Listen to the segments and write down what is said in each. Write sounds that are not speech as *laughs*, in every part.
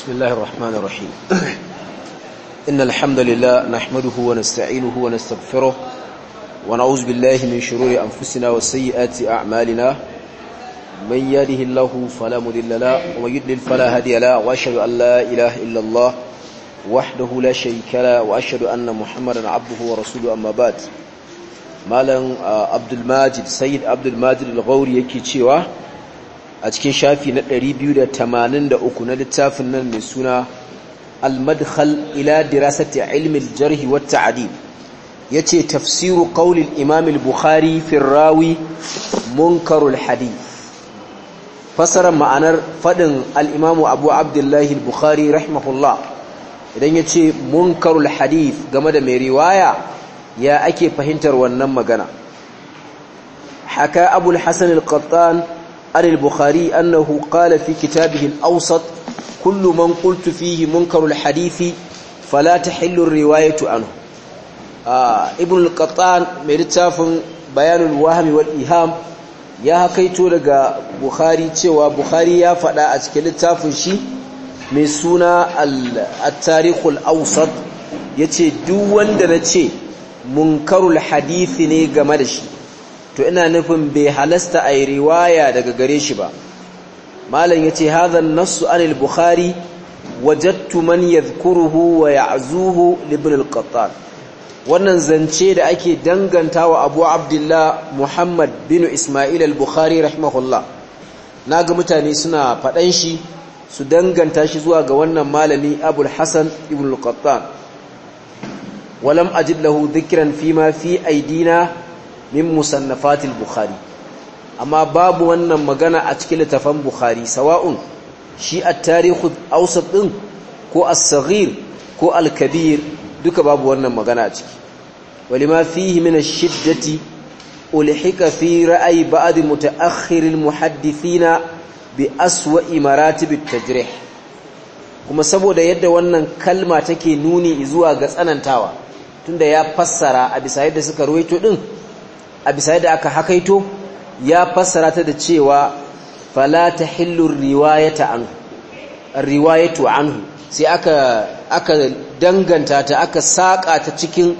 بسم الله الرحمن الرحيم إن الحمد لله نحمده ونستعينه ونستغفره ونعوذ بالله من شرور أنفسنا وسيئات أعمالنا من يهده الله فلا مضل له ومن يضلل فلا هادي له وأشهد أن لا إله إلا الله وحده لا شريك له وأشهد أن محمدا عبده ورسوله أما بعد مالا عبد الماجد سيد عبد الماجد الغوري يكي تشيوه a cikin shafi na 283 na littafin nan mai suna al-madkhal ila dirasati ilmi al-jarh wa at-ta'dil yace tafsiru qawli al-imam al-bukhari fi rawi munkar al-hadith fasara ma'anar fadin al-imam abu abdullah al-bukhari rahimahullah idan yace munkarul hadith game da mai riwaya ya ake fahimtar wannan magana haka abul hasan al-qattan عن البخاري أنه قال في كتابه الأوسط كل من قلت فيه منكر الحديث فلا تحل الرواية عنه آه ابن القطان مرتاف بيان الوهم والإيهام ya hakaito daga Bukhari cewa buhari ya faɗa a cikin littafin shi mai suna al-Tarikhul Awsat yace duk wanda nace munkarul hadisi ne game da shi to ina nufin bai halasta a riwaya daga gare shi ba malam yace hazan nassu anil bukhari wajadtu man yadhkuruhu wa ya'zuhu li ibn al-qattan wannan zance da ake wa abu abdullah muhammad bin isma'il al-bukhari rahimahullah naga mutane suna fadan shi su danganta shi zuwa ga wannan malami abul hasan ibn al-qattan walam ajid lahu dhikran fima fi aidina min musannafatil bukhari amma babu wannan magana a cikin littafan bukhari sawa'un shi at-tarihu awsat din ko as-saghir ko al-kabir duka babu wannan magana a ciki walima fihi min ash-shiddati ulhika fi ra'ayi ba'd mutaakhir al-muhaddithina bi aswa'i maratib at-tajrih kuma saboda yadda wannan kalma take nuni zuwa ga tsanantawa tunda ya fassara a bisa yadda suka ruwaito din a bisa yadda aka hakaito ya fassara ta da cewa fala tahillu riwayata anhu riwayatu anhu sai aka aka danganta ta aka saka ta cikin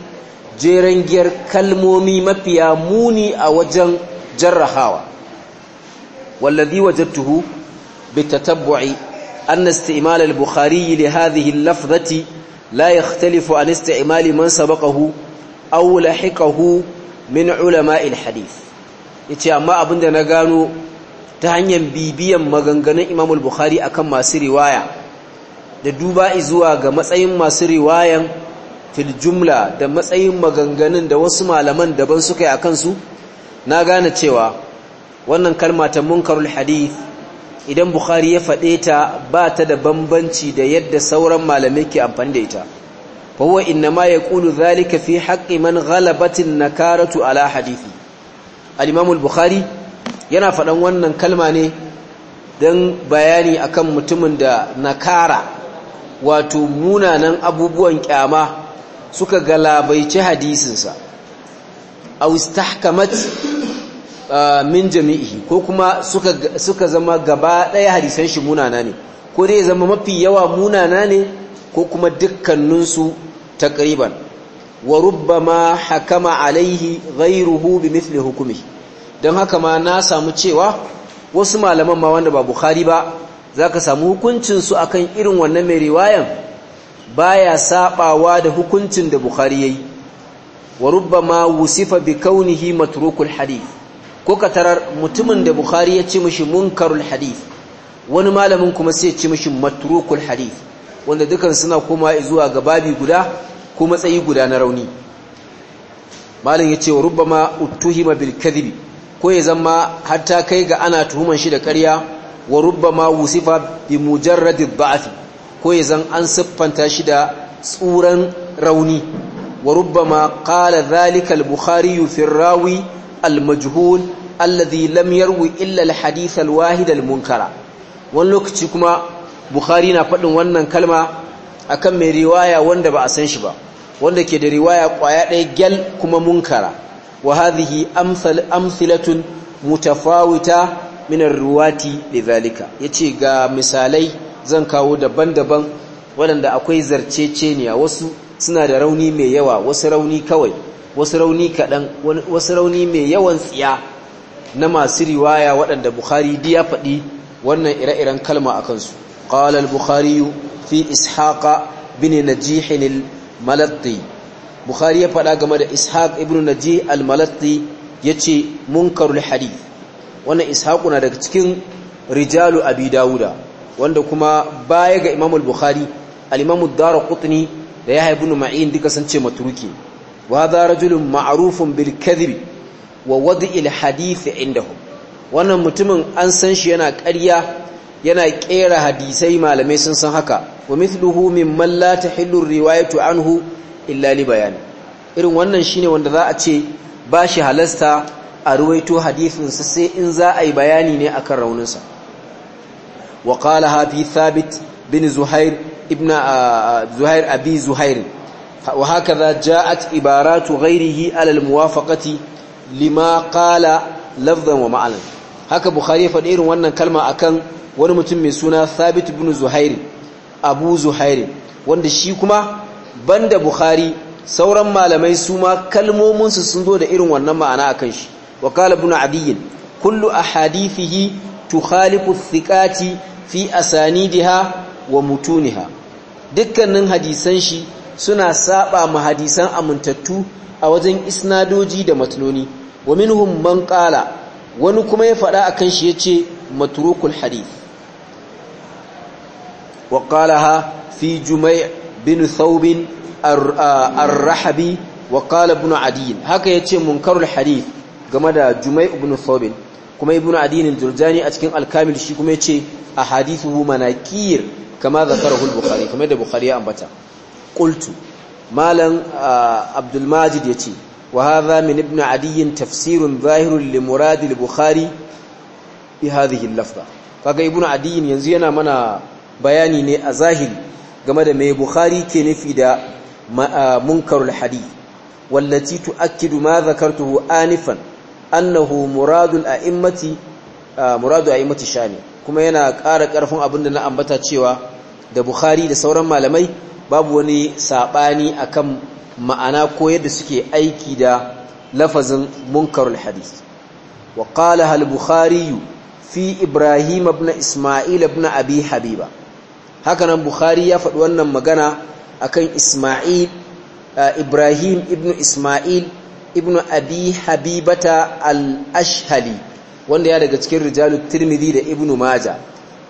jeren giyar kalmomi mafiya muni a wajen jarrahawa wallazi wajadtuhu bitatabbu'i أن استعمال البخاري لهذه اللفظة لا يختلف عن استعمال من سبقه أو لحقه min ulama ulama'il hadith yace amma da na gano ta hanyar bibiyan maganganun imamul al-Bukhari akan masu riwaya da duba zuwa ga matsayin masu riwayan fil jumla da matsayin maganganun da wasu malaman daban suka yi akan su na gane cewa wannan kalma ta munkarul hadith idan Bukhari ya faɗe ta ba ta da bambanci da yadda sauran malamai ke amfani da ita fa huwa inma yaqulu dhalika fi haqqi man ghalabat nakaratu ala hadithi al bukhari yana faɗan wannan kalma ne don bayani akan mutumin da nakara wato munanan abubuwan kyama suka galabaici hadisinsa a istahkamat min jami'i ko kuma suka suka zama gaba ɗaya hadisan shi munana ne ko dai zama mafi yawa munana ne ko kuma dukkaninsu taqriban wa rubbama hakama alaihi ghayruhu bimithli hukumi don haka ma na samu cewa wasu malaman ma wanda ba bukhari ba zaka samu hukuncin su akan irin wannan mai riwayan baya sabawa da hukuncin da bukhari yayi wa rubbama wusifa bi kaunihi matrukul ko ka tarar mutumin da bukhari ya ce mishi munkarul hadith wani malamin kuma sai ya ce mishi matrukul hadith wanda dukan suna koma zuwa ga babi guda ko matsayi guda na rauni malin ya ce wa ma utuhima bil kadhibi ko ya zama hatta kai ga ana tuhuman shi da ƙarya wa ma wusifa bi mujarradi da'af ko ya zan an siffanta shi da tsuran rauni wa ma qala zalika al bukhari fi rawi al majhul alladhi lam yarwi illa al hadith al wahid al munkara wani lokaci kuma bukhari na faɗin wannan kalma akan mai riwaya wanda ba a san shi ba wanda ke da riwaya kwaya ɗaya gyal kuma munkara wa hadhihi amsalatun mutafawita min ar-ruwati ya yace ga misalai zan kawo daban-daban waɗanda akwai zarceceniya wasu suna da rauni mai yawa wasu rauni kawai wasu rauni kaɗan wasu rauni mai yawan tsiya na masu riwaya waɗanda bukhari ya faɗi wannan ire-iren kalma a kansu ƙalal البخاري fi إسحاق بن نجيح malatti bukhari ya faɗa game da ishaq ibn naji al-malatti yace munkarul hadith wannan ishaq na daga cikin rijalu abi dauda wanda kuma baya ga imam al-bukhari al-imam ad-darqutni da yahya ibn ma'in duka san ce matruki wa hadha rajulun ma'rufun bil kadhib wa wad'il hadith indahum wannan mutumin an san shi yana ƙarya yana ƙera hadisai malamai sun san haka wa mithluhu mimman la tahillu riwayatu anhu illali bayani irin wannan shine wanda za a ce ba shi halasta a ruwaito hadithin sa sai in za a yi bayani ne akan rauninsa sa wa qala hafi thabit bin zuhair ibn zuhair abi zuhair wa hakaza ja'at ibaratu ghayrihi ala al-muwafaqati lima qala lafzan wa ma'anan haka bukhari ya faɗi irin wannan kalma akan wani mutum mai suna thabit bin zuhair abu zuhairi wanda shi kuma banda bukhari sauran malamai su ma kalmominsu sun zo da irin wannan ma'ana a kan shi wa kala buna adiyyin kullu tu tukhalifu thiqati fi asanidiha wa mutuniha dukkanin hadisan shi suna saba ma hadisan amintattu a wajen isnadoji da matnoni wa minhum man qala wani kuma ya faɗa akan shi ya ce matrukul hadith وقالها في جميع بن ثوب الرحبي وقال ابن عدي هكا يتي منكر الحديث game da Jumai ibn Thawbin kuma ibn Adin al-Jurjani a cikin al-Kamil shi kuma yace ahadithu manakir kama zakarahu al-Bukhari kuma da Bukhari ya ambata qultu malam Abdulmajid Majid yace wa hadha min ibn Adi tafsirun zahirun li murad al-Bukhari bi hadhihi al-lafza kaga ibn Adi yanzu yana mana bayani ne a zahiri game da mai bukhari ke nufi da munkarul hadith wallati tu'akkidu ma zakartuhu anifan annahu muradul a'immati muradu a'immati kuma yana ƙara ƙarfin abin da na ambata cewa da bukhari da sauran malamai babu wani sabani akan ma'ana ko yadda suke aiki da lafazin munkarul hadith wa qala al bukhari fi ibrahim ibn isma'il ibn abi habiba hakanan bukhari ya faɗi wannan magana akan isma'il ibrahim ibnu isma'il ibnu abi habibata al-ashhali wanda ya daga cikin rijalu tirmidhi da ibnu maja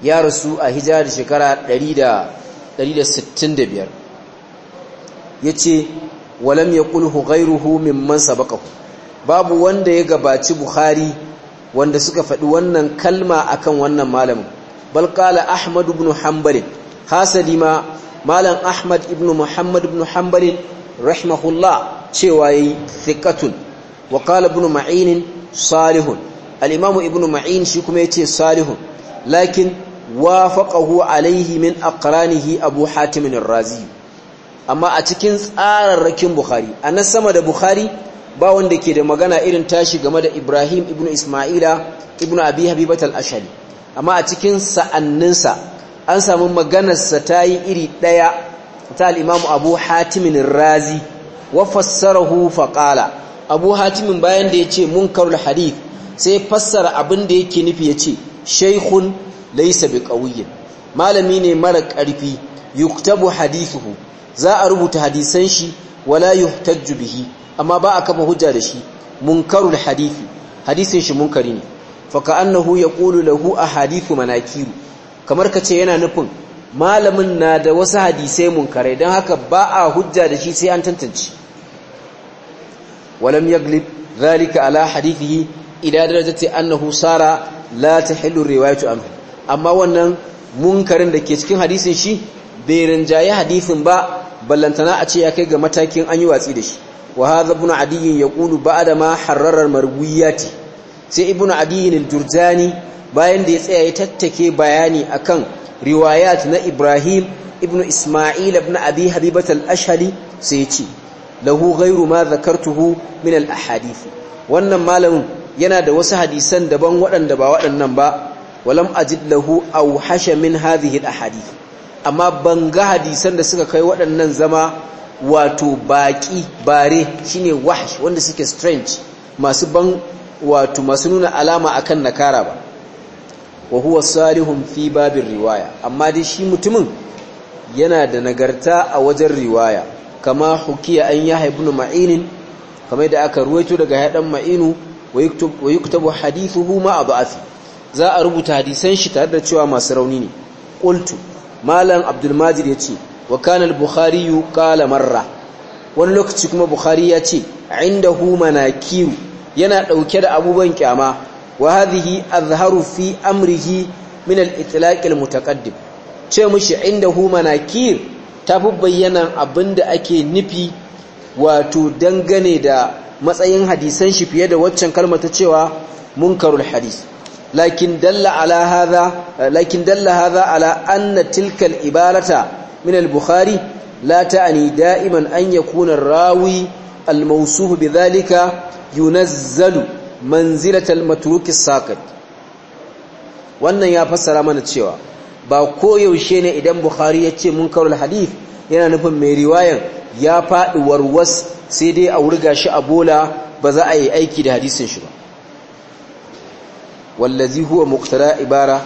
ya rasu a hijira da shekara 165 yace walam yaqulhu ghayruhu mimman sabaqahu babu wanda ya gabaci bukhari wanda suka faɗi wannan kalma akan wannan malamin bal qala ahmad ibn hanbal hasadi ma malam ahmad ibn muhammad ibn hanbal rahimahullah cewa yayi thiqatun wa qala ibn ma'in salihun al-imam ibn ma'in shi kuma yace salihun lakin wafaqahu alaihi min aqranihi abu hatim ar-razi amma a cikin tsararrakin bukhari anan sama da bukhari ba wanda ke da magana irin tashi game da Ibrahim ibn Isma'ila ibn Abi Habibat ashari amma a cikin sa'anninsa an samu maganarsa ta yi iri ɗaya ta al'imamu abu hatimin razi wa fassarahu faƙala abu hatimin bayan da ya ce munkarul hadith sai fassara abin da yake nufi ya ce shaikun laisa bi ƙauyin malami ne mara ƙarfi yuktabu hadithuhu za a rubuta hadisan shi wala yuhtajju bihi amma ba a kama hujja da shi munkarul hadithi hadisin shi munkari ne fa ka'annahu yaqulu lahu ahadithu manakiru kamar ka ce yana nufin malamin na da wasu hadisai munkarai don haka ba a hujja da shi sai an tantance walam yaglib zalika ala hadithihi idan ce annahu sara la tahillu riwayatu anhu amma wannan munkarin da ke cikin hadisin shi bai rinjaye hadisin ba ballantana a ce ya kai ga matakin an yi watsi da shi wa hadha ibn adiy yaqulu ba'da ma harrara marwiyati sai ibn adiy al bayan da ya tsaya ya tattake bayani akan riwayat na Ibrahim ibn Isma'il ibn Abi Habibat al-Ashhali sai ce lahu ghayru ma zakartuhu min al-ahadith wannan malamin yana da wasu hadisan daban waɗanda ba waɗannan ba walam ajid lahu hashe min hadhihi al-ahadith amma banga hadisan da suka kai waɗannan zama wato baƙi bare shine wahsh wanda suke strange masu ban wato masu nuna alama akan nakara ba wa huwa salihun fi babin riwaya amma dai shi mutumin yana da nagarta a wajen riwaya kama hukiya an yahya ibn ma'inin kamar da aka ruwaito daga hadan ma'inu wa hadifu huma ma ba'afi za a rubuta hadisan shi tare da cewa masu rauni ne ƙultu malam Abdulmajid ya ce, wa kana buhari bukhari qala marra wani lokaci kuma inda huma na kiwu yana ɗauke da abubuwan kyama wa hadhihi azharu fi amrihi min al-itlaq al mashi inda mushi indahu manakir tafi bayyana abinda ake nufi wato dangane da matsayin hadisan shi fiye da waccan kalmar ta cewa munkarul hadis lakin dalla ala hadha lakin ibarata min al-bukhari la ta'ani da'iman an yakuna rawi al bi bidhalika yunazzalu manzilatal matruki saqit wannan ya fassara mana cewa ba ko koyaushe ne idan bukhari ya ce munkarul hadith yana nufin mai riwayan ya faɗi warwas sai dai a wurga shi a bola ba za a yi aiki da hadisin shi ba wallazi huwa muqtara ibara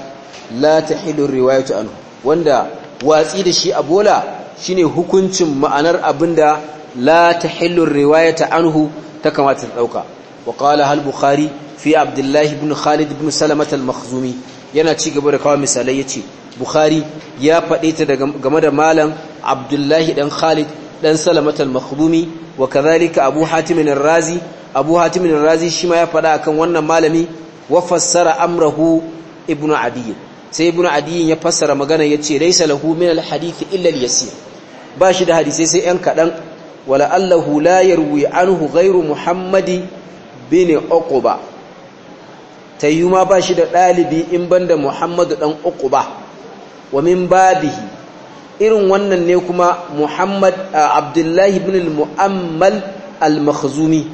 la tahilu riwayatu anhu wanda watsi da shi a bola shine hukuncin ma'anar abinda la tahilu riwayatu anhu ta kamata ta dauka وقال هل بخاري في عبد الله بن خالد بن سلمة المخزومي yana ci gaba da kawo misalai yace bukhari ya faɗe ta game da malam abdullahi dan khalid dan salamat al-makhdumi wa kadhalika abu hatim ar-razi abu hatim ar-razi shi ma ya faɗa akan wannan malami wa fassara amrahu ibnu adiy sai ibnu adiyin ya fassara magana yace laysa lahu min al-hadith illa al-yasir ba shi da hadisi sai yan kadan wala allahu la yarwi anhu ghayru muhammadi bin ukuba tayyuma ba shi da dalibi in banda muhammadu dan ba wa min babihi irin wannan ne kuma muhammad abdullahi ibn al-mu'ammal al-makhzumi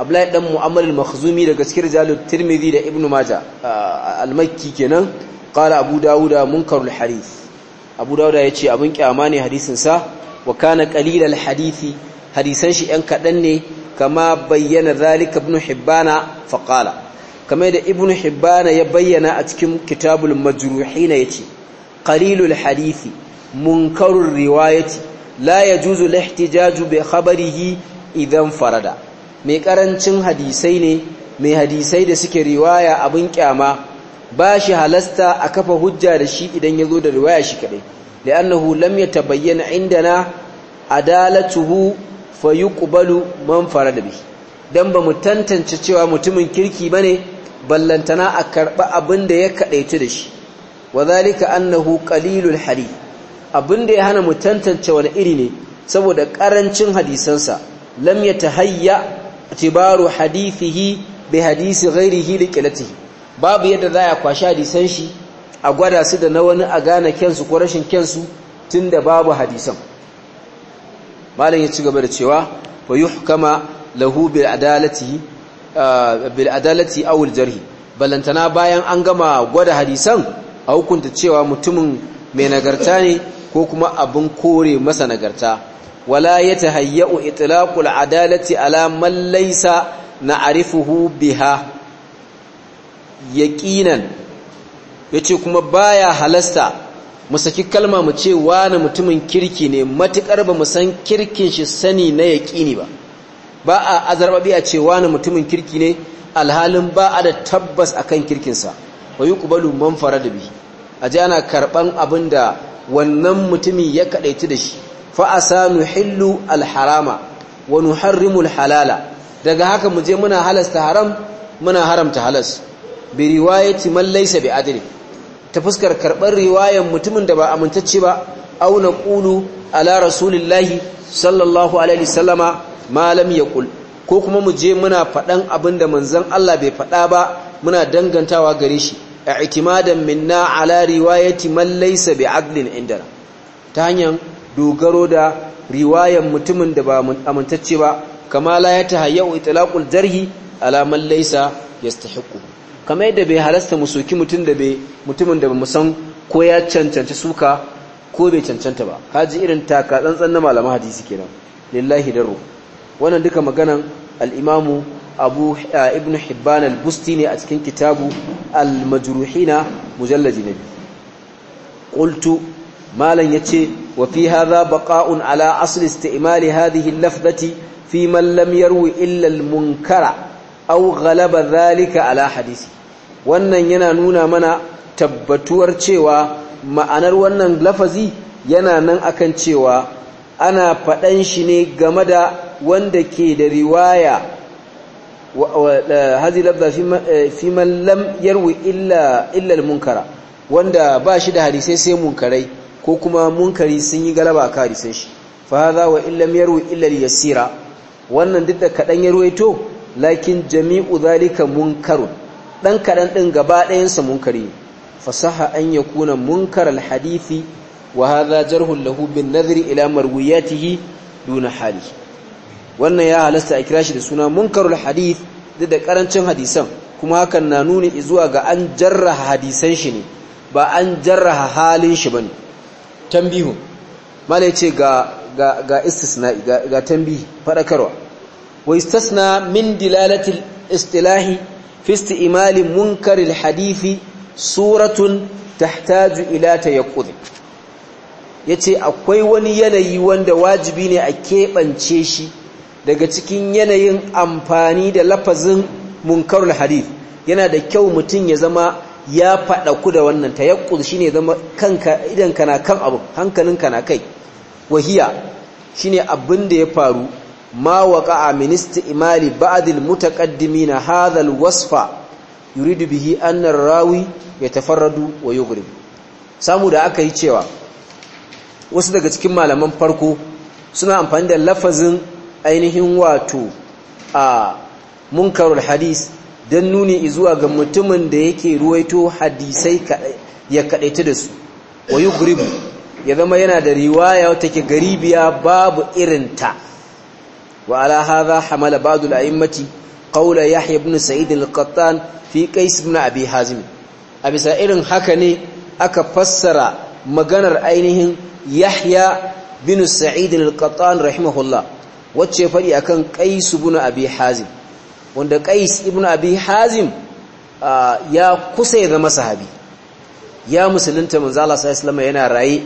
abdullahi dan mu'ammal al-makhzumi daga cikin tirmidhi da Ibn majah al-makki kenan qala abu dauda munkarul hadith abu dauda yace abin kyama ne hadisin sa wa kana qalilal hadisi hadisan shi yan kadan ne kama bayyana zalika ibn hibbana faqala kamar da ibn hibbana ya bayyana a cikin kitabul majruhin yace qalilul hadisi munkarur riwayati la yajuzu lihtijaju bi khabarihi idan farada mai ƙarancin hadisai ne mai hadisai da suke riwaya abin ƙyama? Bashi halasta a kafa hujja da shi idan ya zo da riwaya shi kadai li'annahu lam yatabayyana indana adalatuhu fa yuqbalu man farada bihi dan ba mu tantance cewa mutumin kirki bane ballantana a karba abinda ya kadaitu da shi zalika annahu qalilul abin abinda ya hana mu tantance wani iri ne saboda ƙarancin hadisansa lam yatahayya tibaru hadithihi bi hadisi ghairihi liqilatihi babu yadda za a kwashi hadisan shi a gwada su da na wani a gane kyansu ko rashin kyansu tunda babu hadisan malam ya ci gaba da cewa fa yuhkama lahu bil adalati ah, bil adalati aw al jarh balantana bayan an gama gwada hadisan a hukunta cewa mutumin mai nagarta ne ko kuma abin kore masa nagarta wala yatahayya'u itlaqul adalati ala man laysa na'rifuhu biha yaqinan yace kuma baya halasta mu saki kalma mu ce wani mutumin kirki ne matukar ba mu san kirkin shi sani na yaƙini ba ba a azarbabi a ce wani mutumin kirki ne alhalin ba a da tabbas a kan kirkinsa wa yuqbalu man bi a ji ana abin da wannan mutumin ya ta da shi fa a asanu hillu alharama wa nuharrimu alhalala daga haka mu je muna halasta haram muna haramta halas bi riwayati man laysa bi adli ta fuskar karɓar riwayan mutumin da ba amintacce ba Auna ƙulu ala rasulillahi sallallahu alaihi sallama malam ya ƙul ko kuma mu je muna faɗan abin da manzan Allah bai faɗa ba muna dangantawa gare shi a itimadan minna ala riwayati man bai bi adlin indana ta hanyar dogaro da riwayan mutumin da ba amintacce ba kama la ya tahayyau a jarhi ala man laysa yastahiqu kamar yadda bai halasta mu soki mutum da bai mutumin da bamu san ko ya cancanci suka ko bai cancanta ba haji irin taka tsantsan na malaman hadisi kenan lillahi daru wannan duka maganan al abu eh, ibn hibban al-busti ne a cikin kitabu al-majruhina na nabi qultu malan yace wa fi hadha baqa'un ala asli isti'mal hadhihi al-lafzati fi man lam yarwi illa munkara au galaba zalika ala hadisi wannan yana nuna mana tabbatuwar cewa ma'anar wannan lafazi yana nan akan cewa ana faɗan shi ne game da wanda ke da riwaya eh, hazi labda fi mallam eh, lam yarwi munkara wanda ba shi da hadisai sai munkarai ko kuma munkari sun yi galaba a hadisan shi fa za wa illam yarwi illal yasira wannan duk da kadan ya to? lakin jami'u zalika munkarun dan kadan din gaba ɗayansa munkari fasaha an yakuna munkar alhadisi wa hadha jarhun lahu bin nadhri ila marwiyatihi duna hali wannan ya halasta a kira shi da suna munkarul hadith duk da karancin hadisan kuma hakan na nuni zuwa ga an jarraha hadisan shi ne ba an jarraha halin shi bane tambihu malai ga ga ga istisna'i ga, ga tambihi wa istasna min dilalatil istilahi fi isti'mal munkaril hadisi suratun tahtaju ila yace akwai wani yanayi wanda wajibi ne a keɓance shi daga cikin yanayin amfani da lafazin munkarul hadith yana da kyau mutum ya zama ya faɗa ku da wannan shi ne zama kanka idan kana kan abu hankalinka na kai wahiya shine abin da ya faru ما وقع من استعمال بعض المتقدمين هذا الوصف يريد به أن الراوي يتفرد ويغرب samu da aka yi cewa wasu daga cikin malaman farko suna amfani da lafazin ainihin wato a munkarul hadis don nuni zuwa ga mutumin da yake ruwaito hadisai ya kadaita da su wayu ya zama yana da riwaya wata ke garibiya babu irinta وعلى هذا حمل بعض الأئمة قول يحيى بن سعيد القطان في قيس بن أبي حازم أبي سائر حكني أكفسر مغنر أينهم يحيى بن سعيد القطان رحمه الله wacce fari akan qais ibn abi hazim wanda qais ibn abi hazim ya kusa ya zama sahabi ya musulunta manzo Allah sallallahu alaihi yana raye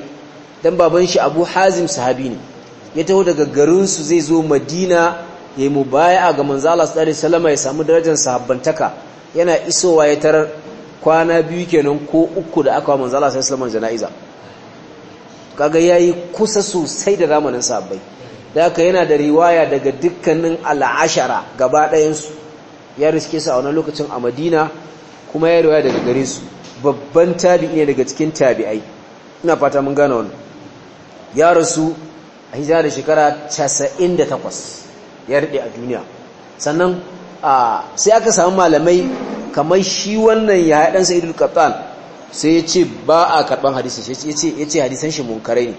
dan baban shi abu sahabi ne ya taho daga garinsu zai zo madina ya yi mubaya ga manzala su salama ya samu darajar sahabbantaka yana isowa ya tarar kwana biyu kenan ko uku da aka wa manzala sai salama jana'iza kaga ya yi kusa sosai da ramanin sahabbai da aka yana da riwaya daga dukkanin al'ashara gaba ɗayansu ya riske su a wani lokacin a madina kuma ya riwaya daga gare su babban tabi'i ne daga cikin tabi'ai ina fata mun gane wannan ya rasu a hijira da shekara 98 ya rade a duniya sannan sai aka samu malamai kamar shi wannan ya sa idul kaptan sai ya ce ba a karɓan hadisun shi ya ce hadisun shi munkarai ne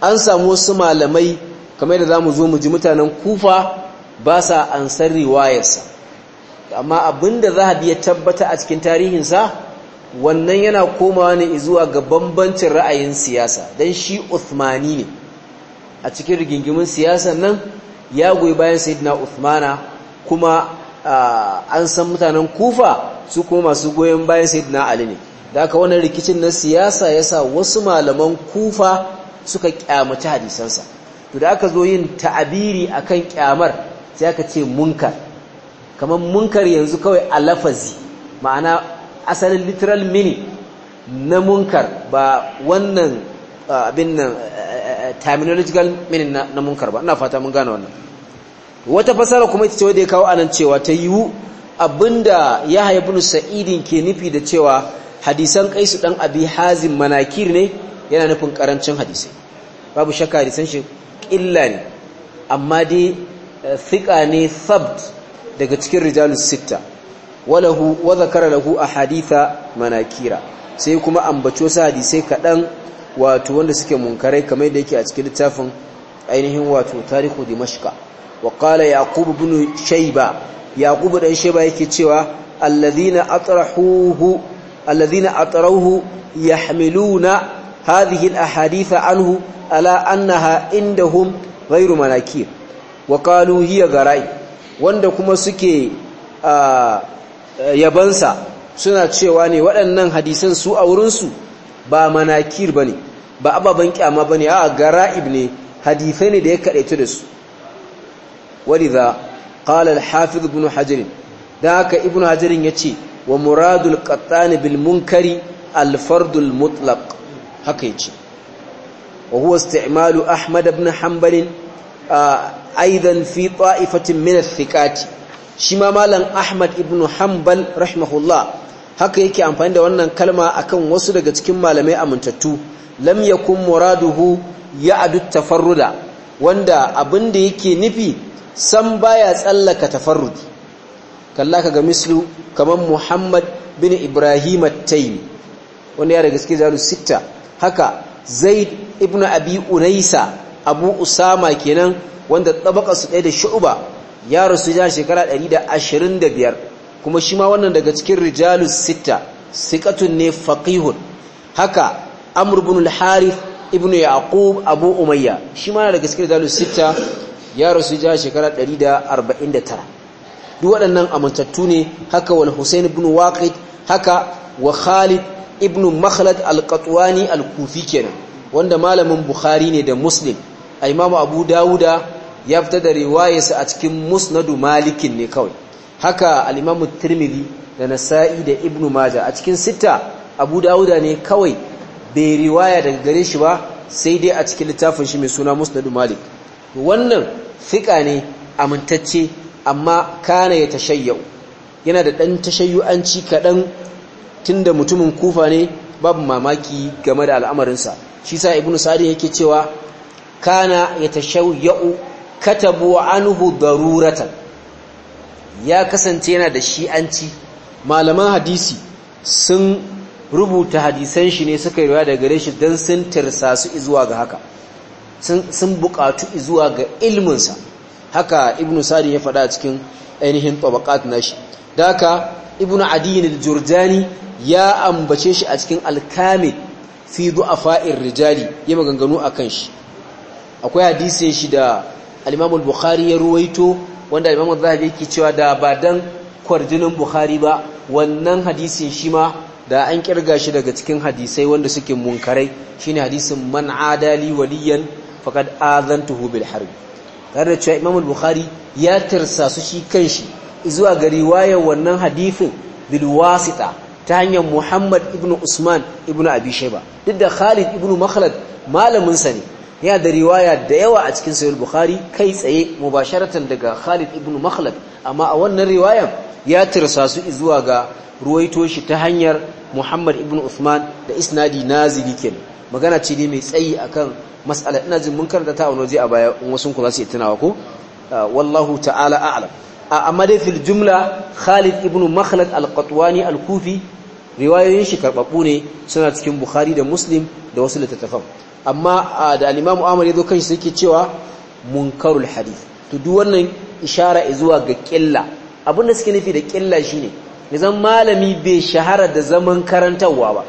an samu wasu malamai kamar da za mu zo mu ji mutanen kufa ba sa ansar riwayarsa amma abinda zahabi ya tabbata a cikin tarihinsa wannan yana komawa ne zuwa ga bambancin ra'ayin siyasa don shi uthmani ne a cikin rigingimin siyasan nan ya goyi bayan sayidina Uthmana kuma an san mutanen Kufa su kuma masu goyon bayan sayidina Ali ne da aka wani rikicin na siyasa ya sa wasu malaman Kufa suka kyamaci hadisansa to da aka zo yin ta'abiri akan kyamar sai aka ce munkar kamar munkar yanzu kawai a lafazi ma'ana asalin literal mini na munkar ba wannan abin nan terminological meaning na munkar ba ina fata mun gane wannan wata fasara kuma ita ce wanda ya kawo anan cewa ta yiwu abinda ya haibu sa'idin ke nufi da cewa hadisan kaisu dan abi hazim manakir ne yana nufin karancin hadisai babu shakka hadisan shi illa ne amma dai eh, thiqa ne sabt daga cikin rijalus sitta walahu wa zakara lahu ahaditha manakira sai kuma ambaci wasu hadisai kadan wato wanda suke munkarai kamar da yake a cikin littafin ainihin wato tarihu dimashqa wa qala yaqub ibn shayba yaqub dan shayba yake cewa alladhina atrahuhu alladhina atrahu yahmiluna hadhihi alahadith anhu ala annaha indahum ghayru manakir wa qalu hiya garai wanda kuma suke ah, yabansa suna cewa ne waɗannan hadisan su a wurinsu ba manakir bane ba ababan kyama bane a gara'ib ne hadisai ne da ya kadaitu da su walidha qala al-hafiz ibn hajar dan haka ibn hajar yace wa muradul qattan bil munkari alfardul mutlaq haka yace wa huwa isti'malu ahmad ibn hanbal aidan fi ta'ifatin min ath-thiqati shi ma malam ahmad ibn hanbal rahimahullah haka yake amfani da wannan kalma akan wasu daga cikin malamai amintattu lam yakun muraduhu ya adu tafarruda wanda abin da yake nufi san baya tsallaka tafarrudi kalla kaga mislu kaman Muhammad bin Ibrahim at-Taymi wanda ya daga cikin zalu sita haka Zaid ibn Abi Unaisa Abu Usama kenan wanda tabaka su ɗaya da Shu'ba ya rasu ya shekara 125 kuma shi ma wannan daga cikin rijalus sita siqatun ne faqihun haka amr ibn al-harith ibn yaqub abu umayya shi ma daga cikin rijalus sita ya rasu ja shekara 149 duk waɗannan amintattu ne haka wal husain ibn waqid haka wa khalid ibn makhlad al-qatwani al-kufi kenan wanda malamin bukhari ne da muslim a imamu abu dawuda ya fita da riwayarsa a cikin musnadu malikin ne kawai haka al-imamu da nasa'i da Ibn majah a cikin sita abu dauda ne kawai bai riwaya daga gare shi ba sai dai a cikin littafin shi mai suna musnadu malik wannan fiƙa ne amintacce amma kana ya tashayyau yana da ɗan tashayyu'anci kaɗan tunda mutumin kufa ne babu mamaki game da al'amarinsa shi sa ibnu sa'di yake cewa kana ya tashayyau katabu anhu daruratan ya kasance yana da shi'anci malaman hadisi sun rubuta hadisan shi ne suka yi da gare shi don sun tirsa su izuwa ga haka sun bukatu izuwa ga ilminsa haka Ibn sadi ya faɗa cikin ainihin tabakat nashi da haka Ibn adiyin al-jurjani ya ambace shi a cikin alkamid kamil fi du'afa'ir rijali ya maganganu akan shi akwai hadisin shi da al bukhari ya ruwaito wanda imamu zahabi yake cewa da ba dan kwarjinin bukhari ba wannan hadisin shi ma da an kirga shi daga cikin hadisai wanda suke munkarai shine hadisin man adali waliyan faqad azantuhu bil harb Kada da cewa imamu bukhari ya tirsa su shi kanshi zuwa ga riwayar wannan hadisin bil wasita ta hanyar muhammad ibnu usman ibnu abi shayba duk da khalid ibnu makhlad malamin sa ne yana da riwaya da yawa a cikin sayar bukhari kai tsaye mubasharatan daga Khalid ibn Makhlad amma a wannan riwayan ya tirsa su zuwa ga ruwaito shi ta hanyar Muhammad ibn usman da isnadi nazili ken magana ce ne mai tsayi akan mas'ala ina jin mun da ta waje a baya wasu ku za su yi tunawa ko uh, wallahu ta'ala a'lam amma dai fil jumla Khalid ibn Makhlad al-Qatwani al-Kufi riwayoyin shi karbabbu ne suna cikin Bukhari da Muslim da wasu littattafan amma da al ya Ahmad yazo kanshi sai cewa munkarul hadith to duk wannan ishara zuwa ga killa abinda suke nufi da killa shine nizan malami bai shahara da zaman karantarwa ba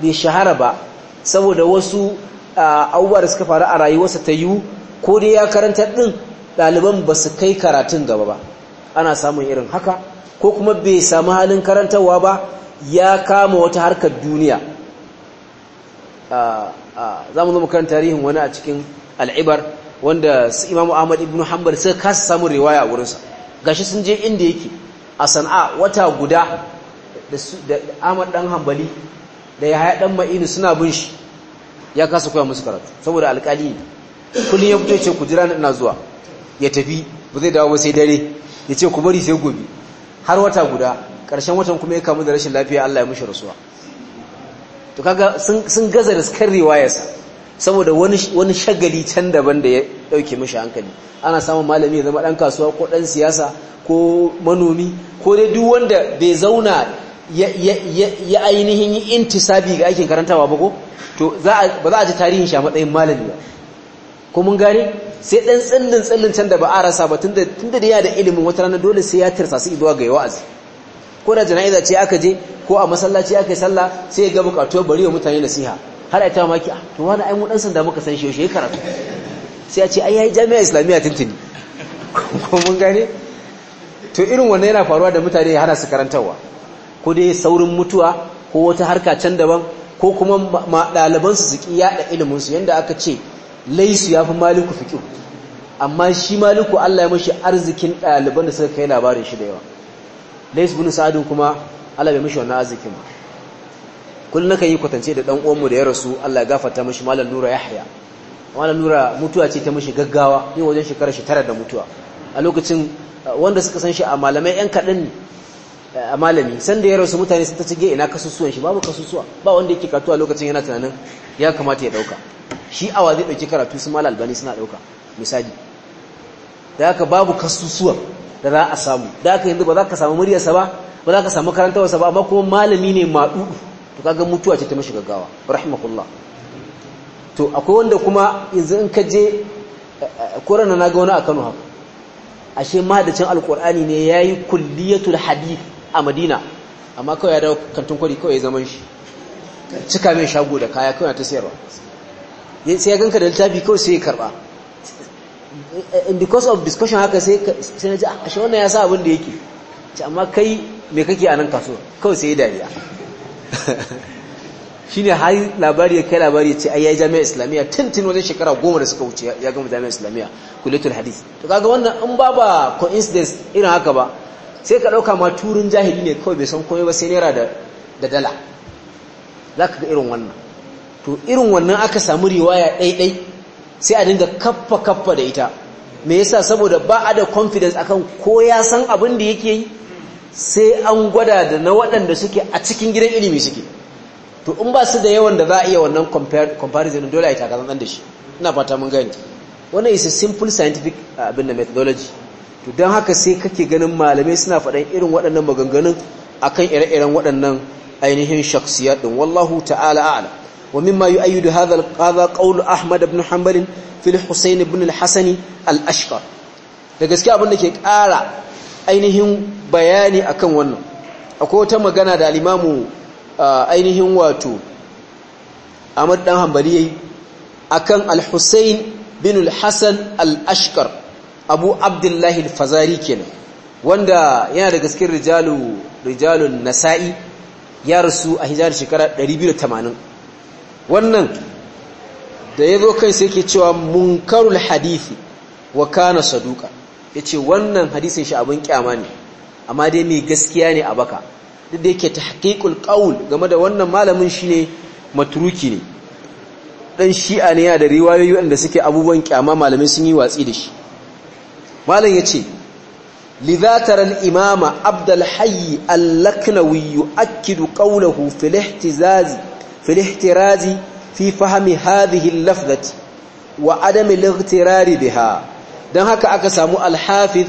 bai shahara ba saboda wasu abubuwa da suka faru a rayuwarsa ta yiwu ko dai ya karanta din ɗaliban ba su kai karatun gaba ba ana samun irin haka ko kuma bai samu halin karantarwa ba ya kama wata harkar duniya za mu zama kan tarihin wani a cikin al'ibar wanda su imamu ahmad ibn hanbar suka kasa samun riwaya a wurinsa gashi sun je inda yake a sana'a wata guda da ahmad dan hanbali da ya haya ma'inu suna bin shi ya kasa koya musu karatu saboda alƙali kullum ya fito ce ku jira na zuwa ya tafi ba zai dawo ba sai dare ya ce ku bari sai gobe har wata guda ƙarshen watan kuma ya kamu da rashin lafiya Allah ya mushi rasuwa to kaga sun gaza da skar riwayarsa saboda wani shagali can daban da ya dauke mashi hankali ana samun malami ya zama dan kasuwa ko dan siyasa ko manomi ko dai duk wanda bai zauna ya ainihin yi intisabi ga aikin karantawa ba ko to ba za a ji tarihin shi a matsayin malami ba ko mun gane sai dan tsallin tsallin can da ba a rasa ba tunda da yana da ilimin wata rana dole sai ya tirsa su zuwa ga wa'azi ko da jana'iza ce aka je ko a masallaci aka yi sallah sai ya ga bukatuwar bari wa mutane nasiha har ai ta maki ah, to wani ai mu dan sanda muka san shi yaushe karatu sai a ce ai yayi jami'a islamiyya tintini *laughs* ko mun gane to irin wannan yana faruwa da mutane ya hana su karantawa ko dai saurin mutuwa ko wata harka can daban ko kuma ɗaliban su su yaɗa ilimin su yanda aka ce laisu yafi maliku fiqh amma shi maliku Allah ya mashi arzikin ɗaliban da suka kai labarin shi da yawa lais bin sa'adu kuma Allah bai mishi wannan arzikin ba kullun naka yi kwatance da dan uwanmu da ya rasu Allah ya gafarta mishi malam nura yahya malam nura mutuwa ce ta mishi gaggawa ne wajen shekara shi tara da mutuwa a lokacin uh, wanda suka san shi a malamai yan kadan uh, a malami san da ya rasu mutane sun ta cige ina kasusuwan shi babu kasusuwa ba wanda yake karatu a lokacin yana tunanin ya kamata ya dauka shi awa zai dauki karatu su malam albani suna dauka misali da haka babu kasusuwa da za a samu da aka yanzu ba za ka samu muryarsa ba ba za ka samu karantarwarsa ba amma kuma malami ne maɗu to kaga mutuwa ce ta mashi gaggawa rahimahullah to akwai wanda kuma yanzu in ka je korana na ga wani a Kano haka ashe can alkur'ani ne ya yi kulliyatul hadith a Madina amma kawai ya dawo kantin kwari kawai ya zaman shi cika mai shago da kaya kawai ta sayarwa sai ya ganka da littafi kawai sai ya karba in the of discussion haka sai sai na ji ah, shi wannan ya sa abin da yake ce amma kai me kake a nan kasuwa kawai sai dariya *laughs* shine har labari ya kai labari ce ai ya jami'a islamiyya tintin wajen shekara goma da suka wuce ya gama jami'a islamiyya kuletul hadith to kaga wannan in ba ba coincidence irin haka ba sai ka ɗauka ma turin jahili ne kawai bai san komai ba sai naira da da dala zaka ga irin wannan to irin wannan aka samu riwaya ɗaiɗai sai a dinga kaffa kaffa da ita me yasa saboda ba a da confidence akan ko ya san abin da yake yi sai an gwada da na waɗanda suke a cikin gidan ilimi suke to in ba su da yawan da za a iya wannan comparison dole a yi ɗan da shi ina fata mun gani wannan is a simple scientific uh, abin da methodology to don haka sai kake ganin malamai suna faɗan irin waɗannan maganganun akan ire-iren waɗannan ainihin shaksiya ɗin wallahu ta'ala a'lam ومما يؤيد هذا هذا قول أحمد بن حنبل في الحسين بن الحسن الأشقر da gaskiya abin da ke ƙara ainihin bayani akan wannan akwai wata magana da alimamu ainihin wato Ahmad dan Hanbali yayi akan Al-Husayn bin al al Abu Abdullahi Al-Fazari kenan wanda yana da gaskiyar rijalun Nasa'i ya rasu a hijar shekara 280 wannan da ya zo kai sai ke cewa munkarul hadithi wa kana saduka ya ce wannan hadisin shi abin kyama ne amma dai mai gaskiya ne a baka duk da yake haƙiƙul game da wannan malamin shi ne maturuki ne ɗan shi'a ne ya da riwayoyi wanda suke abubuwan kyama malamai sun yi watsi da shi malam ya ce, tara imama abd al-hayy al ƙaulahu yu'akkidu في الاحتراز في فهم هذه اللفظة وعدم الاغترار بها دان هكا أكسام الحافظ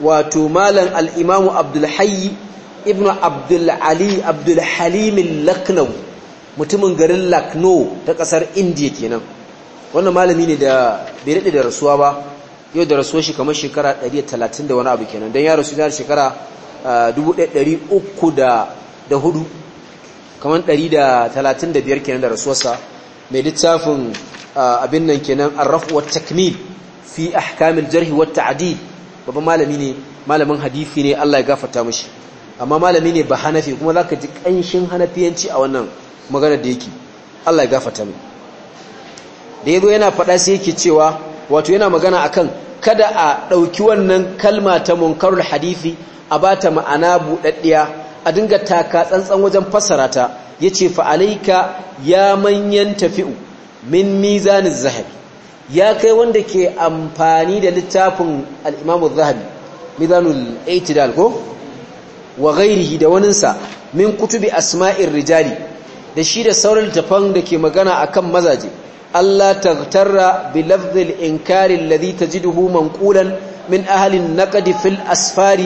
وتمالا الإمام عبد الحي ابن عبد العلي عبد الحليم اللقنو متمن غرين لقنو تكسر اندية كينا wannan malami ne da bai rade da rasuwa ba yau da rasuwa shi kamar shekara 130 da wani abu kenan don ya rasu da shekara 1304 kamar biyar kenan da rasuwarsa mai littafin abin nan kenan arraf wa takmil fi ahkamil jarhi wa ta'dil babban malami ne malamin hadisi ne Allah ya gafarta mishi amma malami ne ba hanafi kuma zaka ji kanshin hanafiyanci a wannan magana da yake Allah ya gafarta mu da yazo yana faɗa sai yake cewa wato yana magana akan kada a ɗauki wannan kalma ta munkarul hadisi a bata ma'ana buɗaɗɗiya a dinga taka tsantsan wajen fassara ta yace fa alayka ya manyan tafi'u min mizaniz zahabi ya kai wanda ke amfani da littafin al-imam az-zahabi mizanul i'tidal ko wa ghairihi da waninsa min kutubi asma'ir rijali da shi da sauran littafan da ke magana akan mazaje Allah taghtarra bi lafdhil inkari alladhi tajiduhu manqulan min ahli an-naqd fil asfari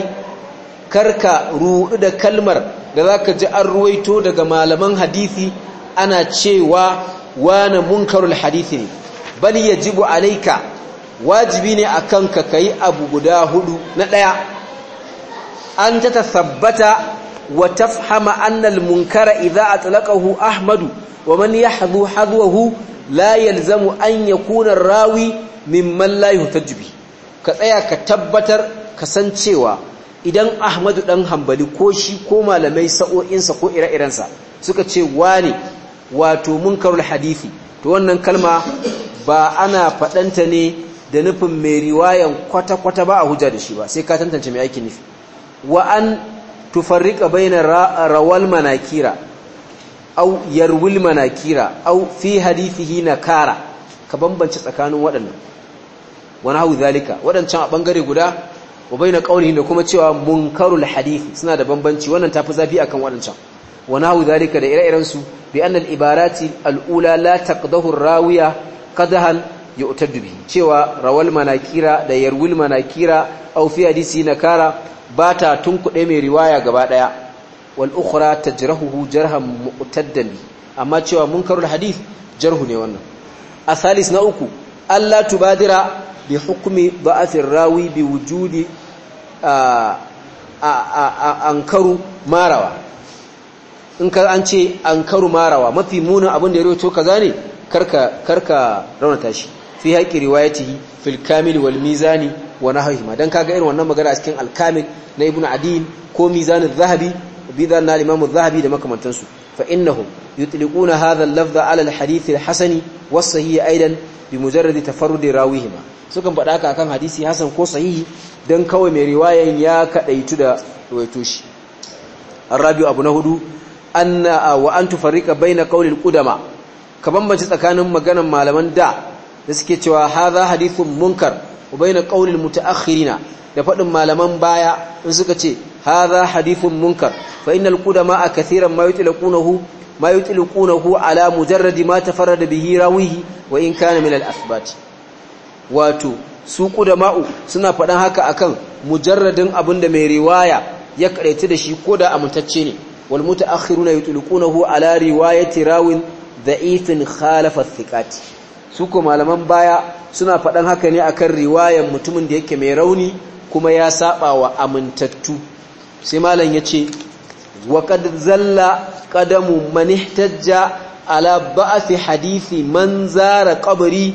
karka ruɗu da kalmar da za ka ji an ruwaito daga malaman hadisi ana cewa wana munkarul hadisi ne bal jibu alaika wajibi ne akan ka yi abu guda hudu na ɗaya. an ta tasabbata wa tafhama anna munkara idza atlaqahu ahmadu wa man yahdhu hadwahu la yalzamu an yakuna rawi mimman la yuhtajbi ka tsaya ka tabbatar kasancewa idan ahmadu dan hambali ko shi ko malamai sa'o'insa ko ire-irensa suka ce wani wato munkarul hadithi to wannan kalma ba ana faɗanta ne da nufin mai riwayan kwata-kwata ba a hujja da shi ba sai ka tantance mai aikin nufi wa an tufarriqa baina rawal manakira au yarwil manakira au fi hadithihi nakara ka bambance tsakanin waɗannan wani hau zalika waɗancan a ɓangare guda wa na qawlihi da kuma cewa munkarul hadith suna da bambanci wannan tafi zafi akan waɗancan. wa nahu zalika da ire-iren su bi anna al ibarati al ula la taqdahu ar rawiya qadahan yu'tadu bi cewa rawal manakira da yarwil manakira aw fi hadisi nakara ba ta mai riwaya gaba ɗaya wal ukhra tajrahuhu jarhan mu'taddan bi amma cewa munkarul hadith jarhu ne wannan asalis na uku Allah tubadira bi hukumi ba'afin rawi bi wujudi ankaru marawa in an ce ankaru marawa mafi munin abin da ya rito kaza ne karka karka raunata shi fi ya riwayatihi filkamili kamil wal mizani wa nahwihima dan kaga irin wannan magana a cikin al kamil na ibnu adin ko mizanin zahabi bidan na imamu zahabi da makamantansu fa innahum yutliquna hadha al lafza ala al hadith al hasani was sahih aidan bi mujarrad tafarrud rawihima sukan faɗa ka akan hadisi hasan ko sahihi don kawai mai riwayan ya kaɗaitu da ruwaito shi arabiyu abu na hudu anna wa an tufarrika baina qaulil ƙudama ka bambanci tsakanin maganan malaman da da suke cewa haza hadithun munkar wa baina qaulil mutaakhirina da faɗin malaman baya in suka ce hadha hadithun munkar fa ƙudama a kathiran ma yutlaqunahu ala mujarradi ma da bihi rawihi wa in kana min al wato su ma'u suna faɗan haka akan mujarradin abin da mai riwaya ya karaita da shi ko da amintacce ne wal mutaakhiruna yutulqunahu ala riwayati rawin dha'ifin khalafa thiqati su ko malaman baya suna faɗan haka ne akan riwayan mutumin da yake mai rauni kuma ya saba wa amintattu sai malam yace wa qad zalla qadamu man ala ba'thi hadithi man zara qabri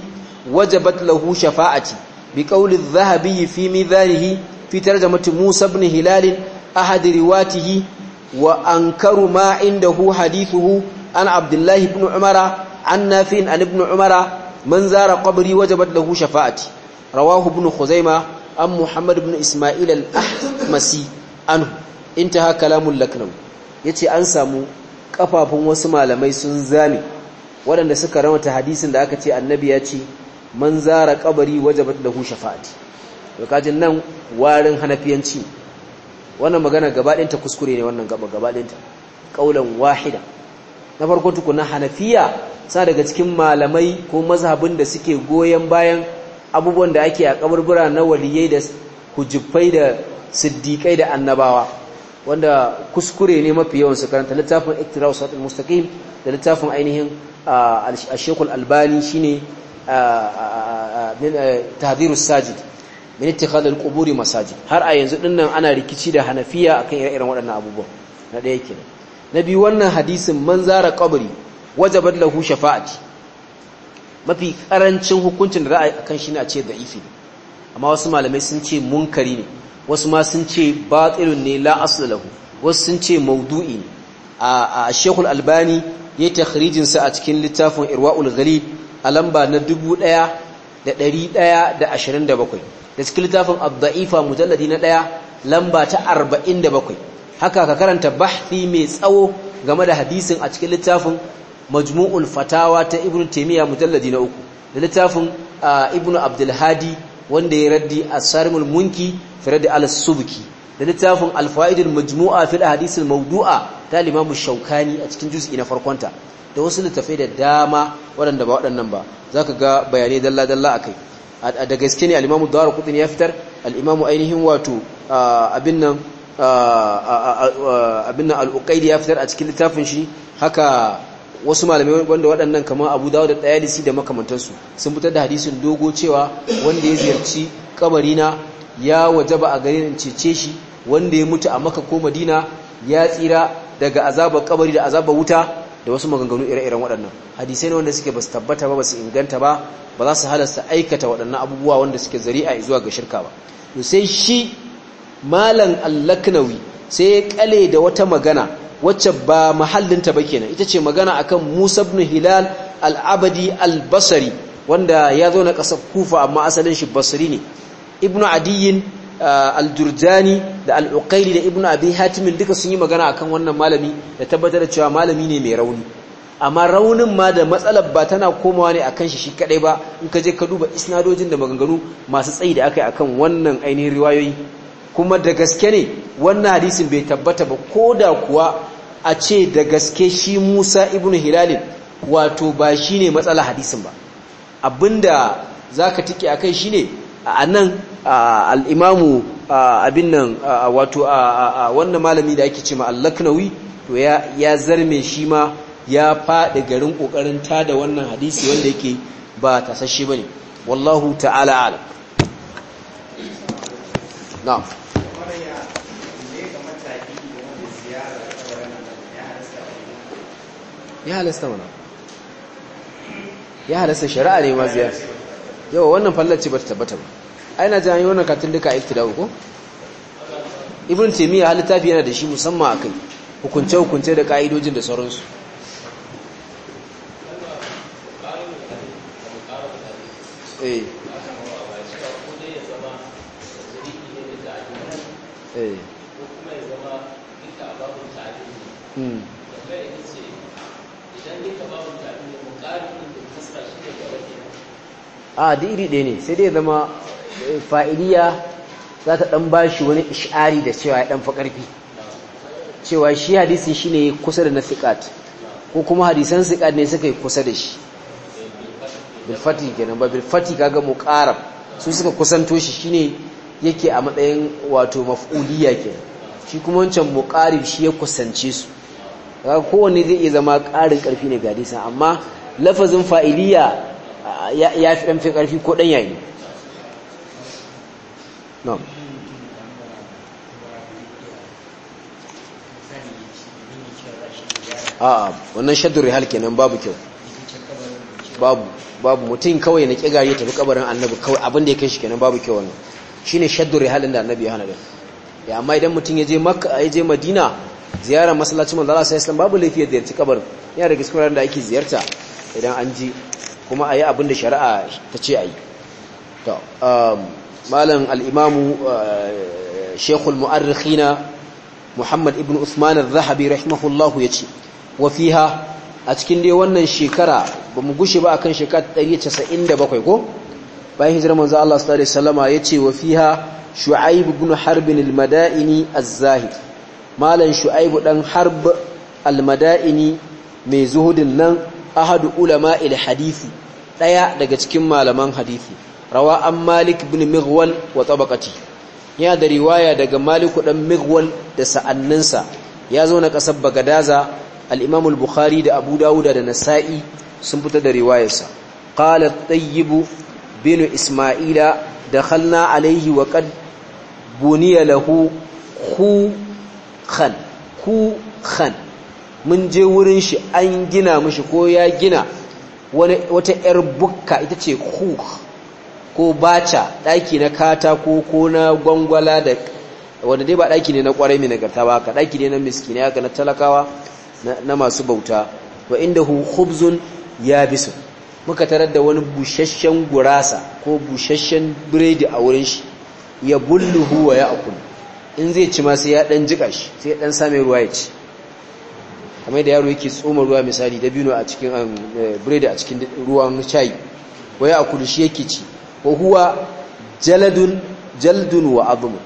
wajabat lahu shafa'ati bi qawli adh-dhahabi fi mizanihi fi tarjamati Musa ibn Hilal ahad riwatihi wa ankaru ma indahu hadithuhu an Abdullah ibn Umar an Nafi' an ibn Umar man zara qabri wajabat lahu shafa'ati rawahu ibn Khuzaimah an Muhammad ibn Isma'il al-Ahmasi anhu intaha kalamul laknam yace an samu kafafun wasu malamai sun zame waɗanda suka ramata hadisin da aka ce annabi ya ce man zara kabari wajabat lahu shafa'ati to kajin nan warin hanafiyanci wannan magana gabaɗinta kuskure ne wannan gaba gabaɗinta kaulan wahida na farko tukuna hanafiya sa daga cikin malamai ko mazhabin da suke goyen bayan abubuwan da ake a kaburbura na waliyai da hujjufai da siddiƙai da annabawa wanda kuskure ne mafi yawan su karanta littafin iktirau sa'atul mustaqim da littafin ainihin a shekul albani shine tahdiru sajid min ittikhad al-quburi masajid har a yanzu dinnan ana rikici da hanafiya akan ire-iren waɗannan abubuwa na ɗaya kenan na biyu wannan hadisin man zara qabri wajabat lahu shafa'ati mafi karancin hukuncin da a akan shi ne a ce da'ifi amma wasu malamai sun ce munkari ne wasu ma sun ce batilun ne la lahu wasu sun ce maudu'i ne a shekul Albani ya takhrijin sa a cikin littafin Irwaul Ghalib a lamba na 1127 da cikin littafin abda'ifa mujalladi na ɗaya lamba ta 47 haka ka karanta bahti mai tsawo game da hadisin a cikin littafin majmu'ul fatawa ta ibnu taymiya mujalladi na uku da littafin ibnu abdulhadi wanda ya raddi asarimul sarimul munki fi da alasubuki da littafin al majmu'a majmu'a da hadisin Maudu'a ta limamu shaukani a cikin juz'i na farkonta da wasu littafai da dama waɗanda ba waɗannan ba za ka ga bayanai dalla-dalla a kai da gaske ne alimamu dawar kudin ya fitar alimamu ainihin wato abin nan al'uƙaidi ya fitar a cikin littafin shi haka wasu malamai wanda waɗannan kama abu dawo da ɗayalisi da makamantarsu sun fitar da hadisin dogo cewa wanda ya ziyarci kamarina ya waje ba a garin cece shi wanda ya mutu a maka ko madina ya tsira daga azabar kamari da azabar wuta da wasu maganganu ire-iren waɗannan hadisai ne wanda suke basu tabbata ba su inganta ba ba za su halasta aikata waɗannan abubuwa wanda suke zari'a zuwa ga shirka ba to sai shi malam al sai ya kale da wata magana wacce ba mahallinta ba kenan ita ce magana akan Musa ibn Hilal al-Abadi al-Basri wanda ya zo na ƙasar Kufa amma asalin shi Basri ne ibnu Adiyin al-jurjani da al-uqayli da ibnu abi hatim duka sun yi magana akan wannan malami da tabbatar da cewa malami ne mai rauni amma raunin ma da matsalar ba tana komawa ne akan shi shi kadai ba in ka je ka duba isnadojin da maganganu masu tsayi da aka yi akan wannan ainihin riwayoyi kuma da gaske ne wannan hadisin bai tabbata ba ko da kuwa a ce da gaske shi Musa ibn Hilal wato ba shi ne matsalar hadisin ba abinda ka tike akai shine a nan al'imamu abin nan wato wannan malami da ake ce ma allaknawi to ya zarme shi ma ya faɗi garin ƙoƙarin tada wannan hadisi wanda yake ba tasashe ba ne wallahu ta'ala ala na, ya halasta mana ya halasta shari'a ne ma ziyara yawa wannan fallar ce ba ta tabbata ba aina jami'ai wannan katin duka iktida'u ko ibn taymiya halittafi yana da shi musamman akai hukunce hukunce da ka'idojin da sauransu eh, eh. Hmm. a ah, da iri ɗaya ne sai dai zama fa'iliya za ta ɗan ba shi wani ishari da cewa ya ɗan fa ƙarfi cewa shi hadisi shi ne kusa da na ko kuma hadisan fiƙat ne suka yi kusa da shi bilfati gina ba bilfati kaga mu su suka kusanto shi shi ne yake a matsayin wato maf'uliya kenan shi kuma wancan muƙarib shi ya kusance su kowane zai iya zama ƙarin ƙarfi ne ga hadisan amma lafazin fa'iliya ya fi ɗan fi ƙarfi ko ɗan yayi a'a wannan shaddu rihal kenan babu kyau babu babu mutum kawai na kiga ya tafi kabarin annabi kawai abinda da ya kai shi kenan babu kyau wannan shine shaddu rihalin da annabi ya hana da ya amma idan mutum ya je makka ya je madina ziyarar masallacin manzo Allah sallallahu alaihi babu laifi ya ziyarci kabarin yana da cikin da ake ziyarta idan an ji kuma ayi abin da shari'a ta ce ayi to um malam al'imamu eh, shekul na muhammad ibn usman al-zahabi rahimahullahu ya ce wafiha a cikin dai wannan shekara ba mu gushe ba a kan shekara 197 ko bayan hijirar manzo Allah sallallahu salama ya yace wa fiha shu'aib ibn harbin al-madaini a zahid malam shu'aib dan harb al-madaini mai zuhudin nan ahadu ulama il hadisi ɗaya daga cikin malaman hadisi rawa an malik bin mirwal wa tsabakati ya da riwaya daga maliku dan mirwal da sa'anninsa ya zo na kasar bagadaza al'imamul bukhari da abu dawuda da nasa'i sun fita da riwayarsa ƙalar tayyib bin isma'ila halna alaihi wa qad buniya lahu ku khan mun je wurin shi an gina mashi ko ya gina wata yar bukka ita ce khu ko baca ɗaki na katako ko na gwangwala da wanda dai ba ɗaki ne na kwarai mai nagarta ba ka ɗaki ne na miskini haka na talakawa na masu bauta wa inda hu khubzun ya muka tarar da wani busasshen gurasa ko busasshen biredi a wurin shi ya bulluhu wa ya in zai ci ma sai ya dan jika shi sai dan same ruwa ya ci kamar da yaro yake tsoma ruwa misali dabino a cikin um, eh, biredi a cikin ruwan chai waya akulu shi yake ci wa huwa jaladun jaldun wa azmun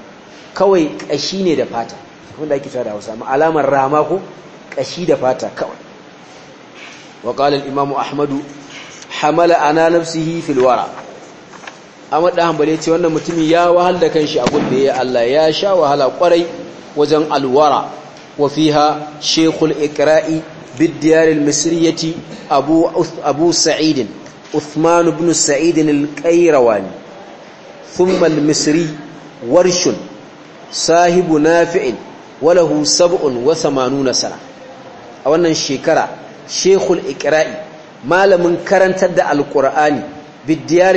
kawai kashi ne da fata kuma ake Hausa ma alamar rama ko kashi da fata kawai wa qala al-imam ahmad hamala ana nafsihi fil wara hanbali ce wannan mutumin ya wahal da kanshi a da ya Allah ya sha wahala kwarai wajen alwara wa fiha shaykhul iqra'i bid diyar al-misriyati abu abu Uthman ibn Sa'id al-Qayrawani thumma al-Misri warsh sahib nafi' wa lahu 87 sana a wannan shekara Sheikhul Iqra'i malamin karantar da alƙur'ani qurani bidiyar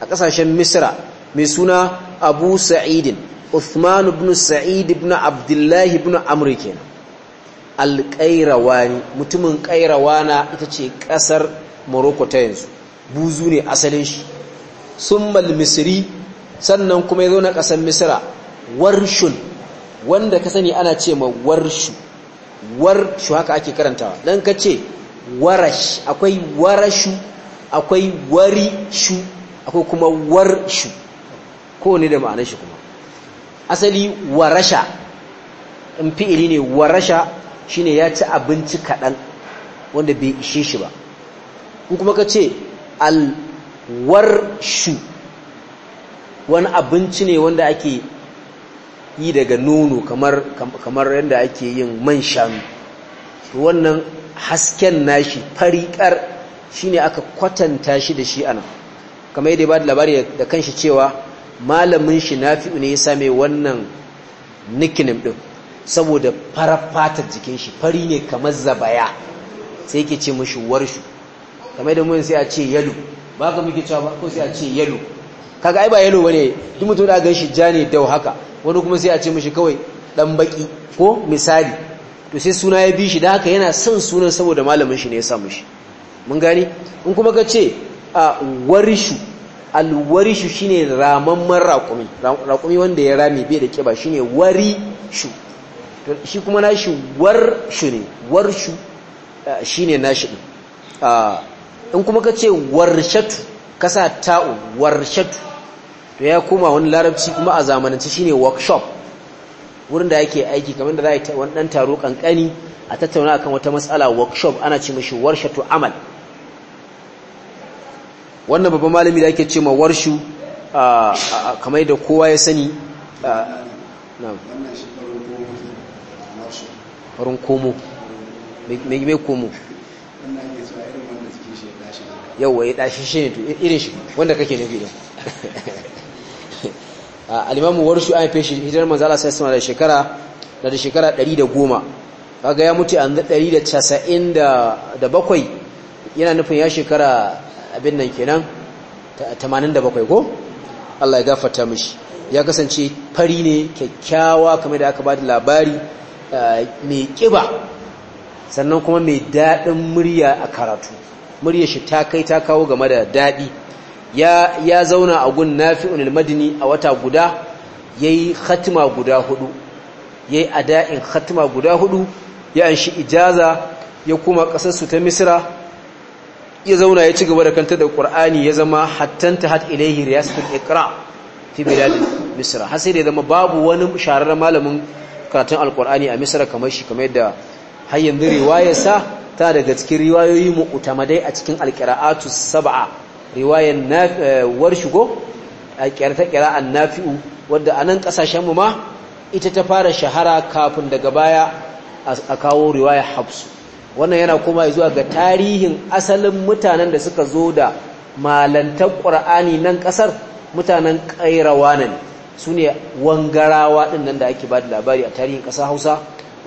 a ƙasashen Misra mai suna Abu Sa'id Uthman ibn Sa'id ibn Abdullah ibn Amr kenan al mutumin Qayrawana ita ce ƙasar. morocco ta yanzu buzu ne asalin shi summal misiri sannan kuma ya zo na ƙasar misira warshun wanda ka sani ana ce ma warshu warshu haka ake karantawa dan ka ce warash akwai warashu akwai warishu akwai kuma warshu kowane da ma'anar shi kuma asali warasha in fi'ili ne warasha shine ya ci abinci kaɗan wanda bai ishe shi ba ko kuma ka ce alwarshu wani abinci ne wanda ake yi daga nono kamar kamar yadda ake yin man shanu wannan hasken nashi fariƙar shine aka kwatanta shi da shi anan kamar yadda ba da labari da kanshi cewa malamin shi nafi'u ne ya same wannan nickname din saboda fara fatar jikin shi fari ne kamar zabaya sai yake ce mashi warshu kamar da mun sai a ce yalo ba ka muke cewa ba ko sai a ce yalo kaga ai ba yalo bane duk mutum da gan shi ja ne dau haka wani kuma sai a ce mishi kawai dan baki ko misali to sai suna ya bi shi da haka yana son sunan saboda malamin shi ne ya sa mishi mun gani in kuma ka ce a warishu alwarishu shine ramamman raƙumi raƙumi wanda ya rame bai da kiba shine warishu shi kuma nashi warshu ne warshu shine nashi din in kuma ka ce warshatu kasa ta'u warshatu to ya koma wani larabci kuma a zamanance shine workshop wurin da yake aiki kamar da za a yi wani dan taro kankani a tattauna akan wata matsala workshop ana ce mishi warshatu amal wannan babban malami da ake ce ma warshu kamar da kowa ya sani farin komo mai komo yau ya ɗashi shi ne irin shi wanda kake nufi ɗin *laughs* ah, alimamu wani warshu an feshi hijirar manzo Allah sai suna da shekara da shekara 110 kaga ya mutu an bakwai. yana nufin ya shekara abin nan kenan tamanin da bakwai ko Allah ya gafata mishi ya kasance fari ne kyakkyawa kamar da aka ba da labari ah, mai kiba sannan kuma mai daɗin murya a karatu muryar shi ta kai ta kawo game da dadi ya zauna a gun Nafi'un al-Madini a wata guda ya yi hatima guda hudu yi ada'in khatima guda hudu ya anshi ijaza ya kuma ƙasarsu ta misira. ya zauna ya ci gaba da kanta da kur'ani ya zama hattanta hat ilaihi riyasatul ikra fi biladin misira. har sai da ya zama babu wani sharar malamin karatun alkur'ani a misira kamar shi kamar yadda har yanzu riwayarsa ta daga cikin riwayoyi mu'tamadai a cikin alqira'atu sab'a riwayan eh, war shigo a qira'an nafi'u wanda anan kasashen mu ma ita ta fara shahara kafin daga baya a kawo riwaya habsu wannan yana kuma zuwa ga tarihin asalin mutanen da suka zo da malantar qur'ani nan kasar mutanen kairawa ne su wangarawa ɗin nan da ake ba da labari a tarihin ƙasar hausa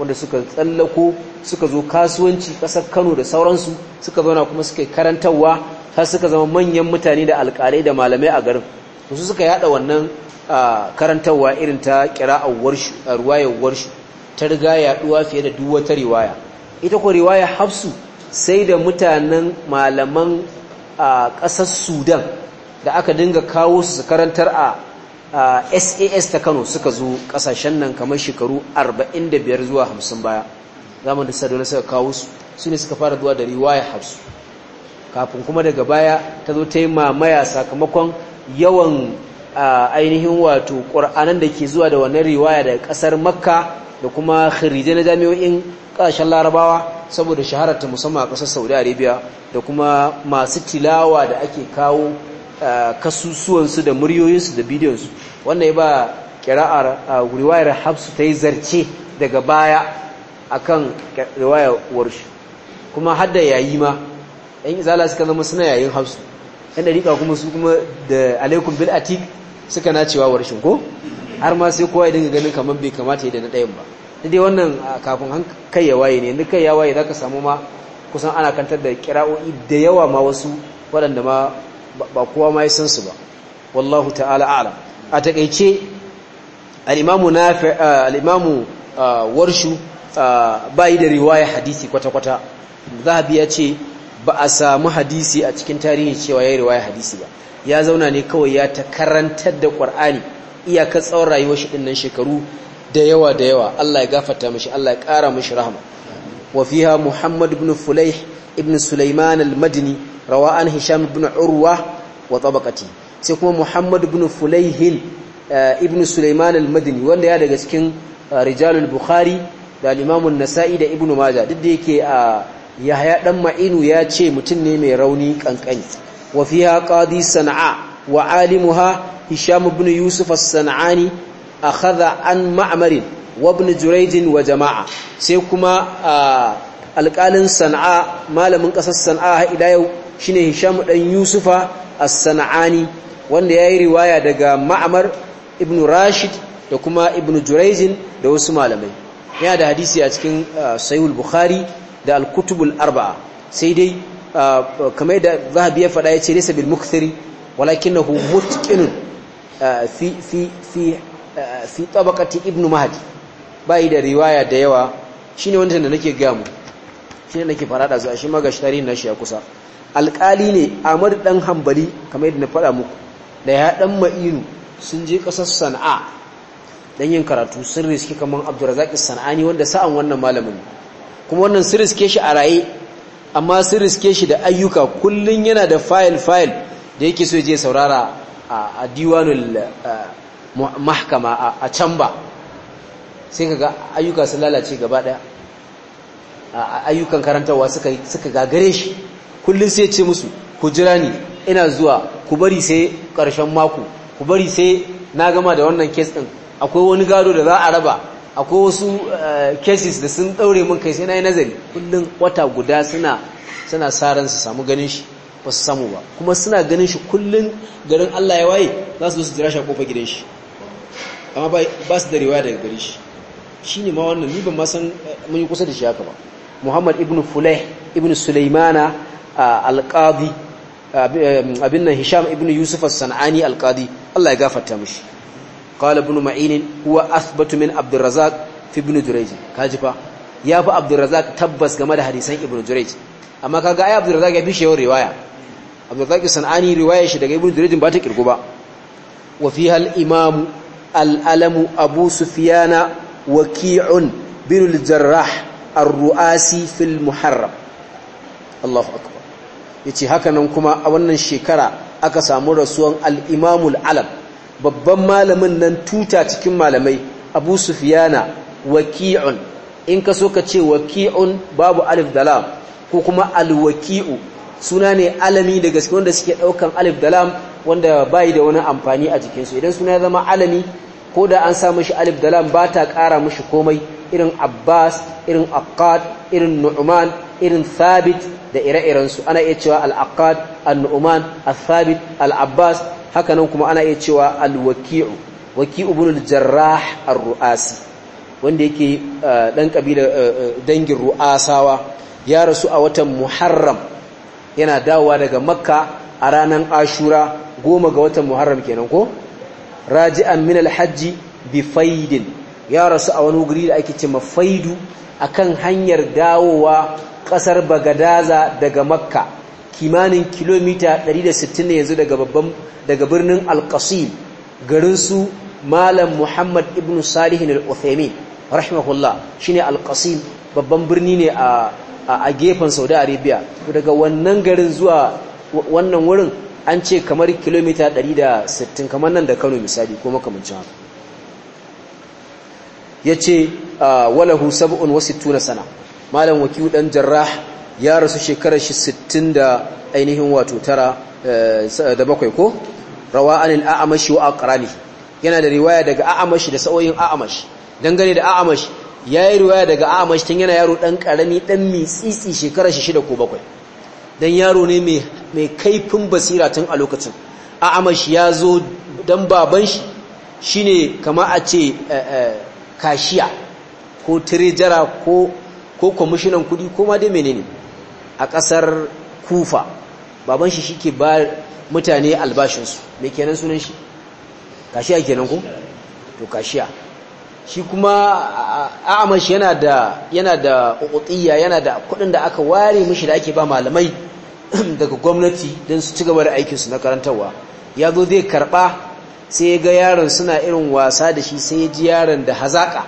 wanda suka tsallako suka zo kasuwanci ƙasar kano da sauransu suka zauna kuma suka karantarwa har suka zama manyan mutane da alƙalai da malamai a garin su suka yada wannan karantarwa irin ta kira'ar warshi ruwayar warshi ta riga yaɗuwa fiye da duk wata riwaya ita ko riwaya hafsu sai da mutanen malaman a ƙasar sudan da aka dinga kawo su karantar a SAS uh, ta Kano suka zo kasashen nan kamar shekaru 45 zuwa 50 baya zaman da Sadola suka kawo su su ne suka fara zuwa da riwaya Hafsu kafin kuma daga baya ta zo ta yi mamaya sakamakon yawan uh, ainihin wato ƙur'anan da ke zuwa da wannan riwaya daga ƙasar Makka da kuma Khirije na jami'o'in kasashen Larabawa saboda shahararta musamman a ƙasar Saudi Arabia da kuma masu tilawa da ake kawo kasusuwansu da muryoyinsu da bidiyonsu wannan ya ba kira'ar riwayar hafsu ta yi zarce daga baya kan riwayar warshi kuma hadda yayi ma yan izala suka zama suna yayin hafsu yan dariƙa kuma su kuma da alaikun bil atik suka na cewa warshin ko har ma sai kowa ya dinga ganin kamar bai kamata ya da na ɗayan ba dai wannan kafin kai ya waye ne yanzu kai ya waye za ka samu ma kusan ana kantar da kira'o'i da yawa ma wasu waɗanda ma ba kowa ma ya san su ba wallahu ta'ala a'lam a takeice al-imamu nafi al-imamu warshu bai da riwaya hadisi kwata-kwata zahabi ya ce ba a samu hadisi a cikin tarihi cewa ya riwaya hadisi ba ya zauna ne kawai ya ta karantar da qur'ani iyaka tsawon rayuwar shi dinnan shekaru da yawa da yawa Allah ya gafarta mishi Allah ya kara mishi rahama wa fiha muhammad ibn fulayh ibn sulaiman al-madini rawa an hisham ibn urwa wa tabaqati sai kuma muhammad ibn fulaihin ibn sulaiman al-madini wanda ya daga cikin rijalul bukhari da al-imam an-nasa'i da ibn majah duk da yake a yahya dan ma'inu ya ce mutum ne mai rauni kankani wa fiha qadi sana'a wa alimuha hisham ibn yusuf as-sanani akhadha an ma'mar wa ibn jurayj wa jama'a sai kuma alƙalin sana'a malamin ƙasar sana'a ila yau shine Hisham dan Yusufa as-Sana'ani wanda yayi riwaya daga Ma'mar ibn Rashid da kuma ibn Jurayz da wasu malamai yana da hadisi a cikin uh, Sahih bukhari da al kutubul arbaa sai dai uh, kamar da Zahabi ya faɗa yace laysa bil mukthiri walakinahu mutqin uh, fi fi fi fi tabaqati ibn Mahdi bai da riwaya da yawa shine wanda da nake ga mu shi nake fara da zuwa shi magashi na shi a kusa alƙali ne amadu ɗan hambali kamar yadda na faɗa muku da ya dan ma'inu sun je kasar sana'a dan yin karatu sun riske kamar abdurazaki ne wanda sa'an wannan malamin kuma wannan sun riske shi a raye amma sun riske shi da ayyuka kullum yana da fayil-fayil da yake so je saurara a diwanul eh, mahkama a can ba sai kaga ayyuka sun lalace gaba daya. ayyukan karantarwa suka suka gagare shi kullun sai ce musu ku jira ni ina zuwa ku bari sai karshen mako ku bari sai na gama da wannan kes din akwai wani gado da za a raba akwai wasu eh, cases da sun daure mun kai sai na yi nazari kullun wata guda suna suna su samu ganin shi ba su samu ba kuma suna ganin shi kullun garin Allah ya waye za su zo su jira shi a kofar gidan shi amma ba su da riwaya daga gare shi shine ma wannan ni ban ma san eh, mun yi kusa da shi haka ba muhammad ibn Fuleh ibn sulaimana uh, alƙadi uh, abin nan hisham ibn yusuf sanani alƙadi allah ya gafarta mashi ƙala ibn ma'inin kuwa asibatu min abdurrazak fi ibn jureji kajifa ya fi abdurrazak tabbas game da hadisan ibn jureji amma ka ga ai abdurrazak ya fi riwaya abdurrazak sanani riwaya shi daga ibn jureji ba ta kirgu ba wa fi hal imam al'alamu abu sufiyana wakiyun binul jarrah ar-ru'asi fil muharram Allahu akbar yace haka nan kuma a wannan shekara aka samu rasuwan al-Imam al-Alam babban malamin nan tuta cikin malamai Abu Sufyana waqi'un in ka so ka ce waqi'un babu alif dalam ko kuma al-waqi'u suna ne alami da gaske wanda suke daukan alif dalam wanda bai da wani amfani a jikinsu idan suna ya zama alami ko da an sa mishi alif dalam ba ta ƙara mishi komai irin abbas irin Akkad irin nu'man irin thabit da ire-irensu ana iya cewa al-aqad al-nu'man al-thabit al-abbas hakanan kuma ana iya cewa al-waki'u waki'u ibn al-jarrah ar-ru'asi wanda yake dan eh, kabila eh, eh, dangin ru'asawa ya rasu a watan muharram yana dawowa daga makka a ranar ashura goma ga watan muharram kenan ko raji'an min al-hajji bi faidin ya rasu a wani guri da ake ce mafaidu kan hanyar dawowa kasar bagadaza daga makka kimanin kilomita 160 ne yanzu daga birnin alkasim garin su malam muhammad ibn salihin al-uthaymin rahimahullah shine alqasim babban birni ne a a gefen saudi arabia daga wannan garin zuwa wannan wurin an ce kamar kilomita 160 kamar nan da kano misali ko makamancin haka Ya ce ah, walahu sab'un wa sittuna sana malam wakiu dan jarrah ya rasu shekarar shi 60 da ainihin wato tara eh, da bakwai ko rawa anil a'amashi wa aqrani yana da riwaya daga a'amashi da sa'oyin a'amashi dangane da a'amashi yayi riwaya daga a'amashi tun yana yaro dan karami dan mitsitsi shekarar shi 6 ko bakwai dan yaro ne mai kaifin basira tun a lokacin a'amashi ya zo dan baban shi shine kama a ce eh, eh, kashiya ko tirejara ko ko kwamishinan kudi ko ma dai menene a ƙasar kufa baban shi shike ba mutane albashinsu me kenan sunan shi kashiya kenan ko to kashiya shi kuma a yana da yana da uqutiyya yana da kudin da aka ware mishi da ake ba malamai *clears throat* daga gwamnati don su ci gaba da aikinsu na karantarwa ya zo zai karɓa. sai ya ga yaron suna irin wasa da shi sai ya ji yaron da hazaka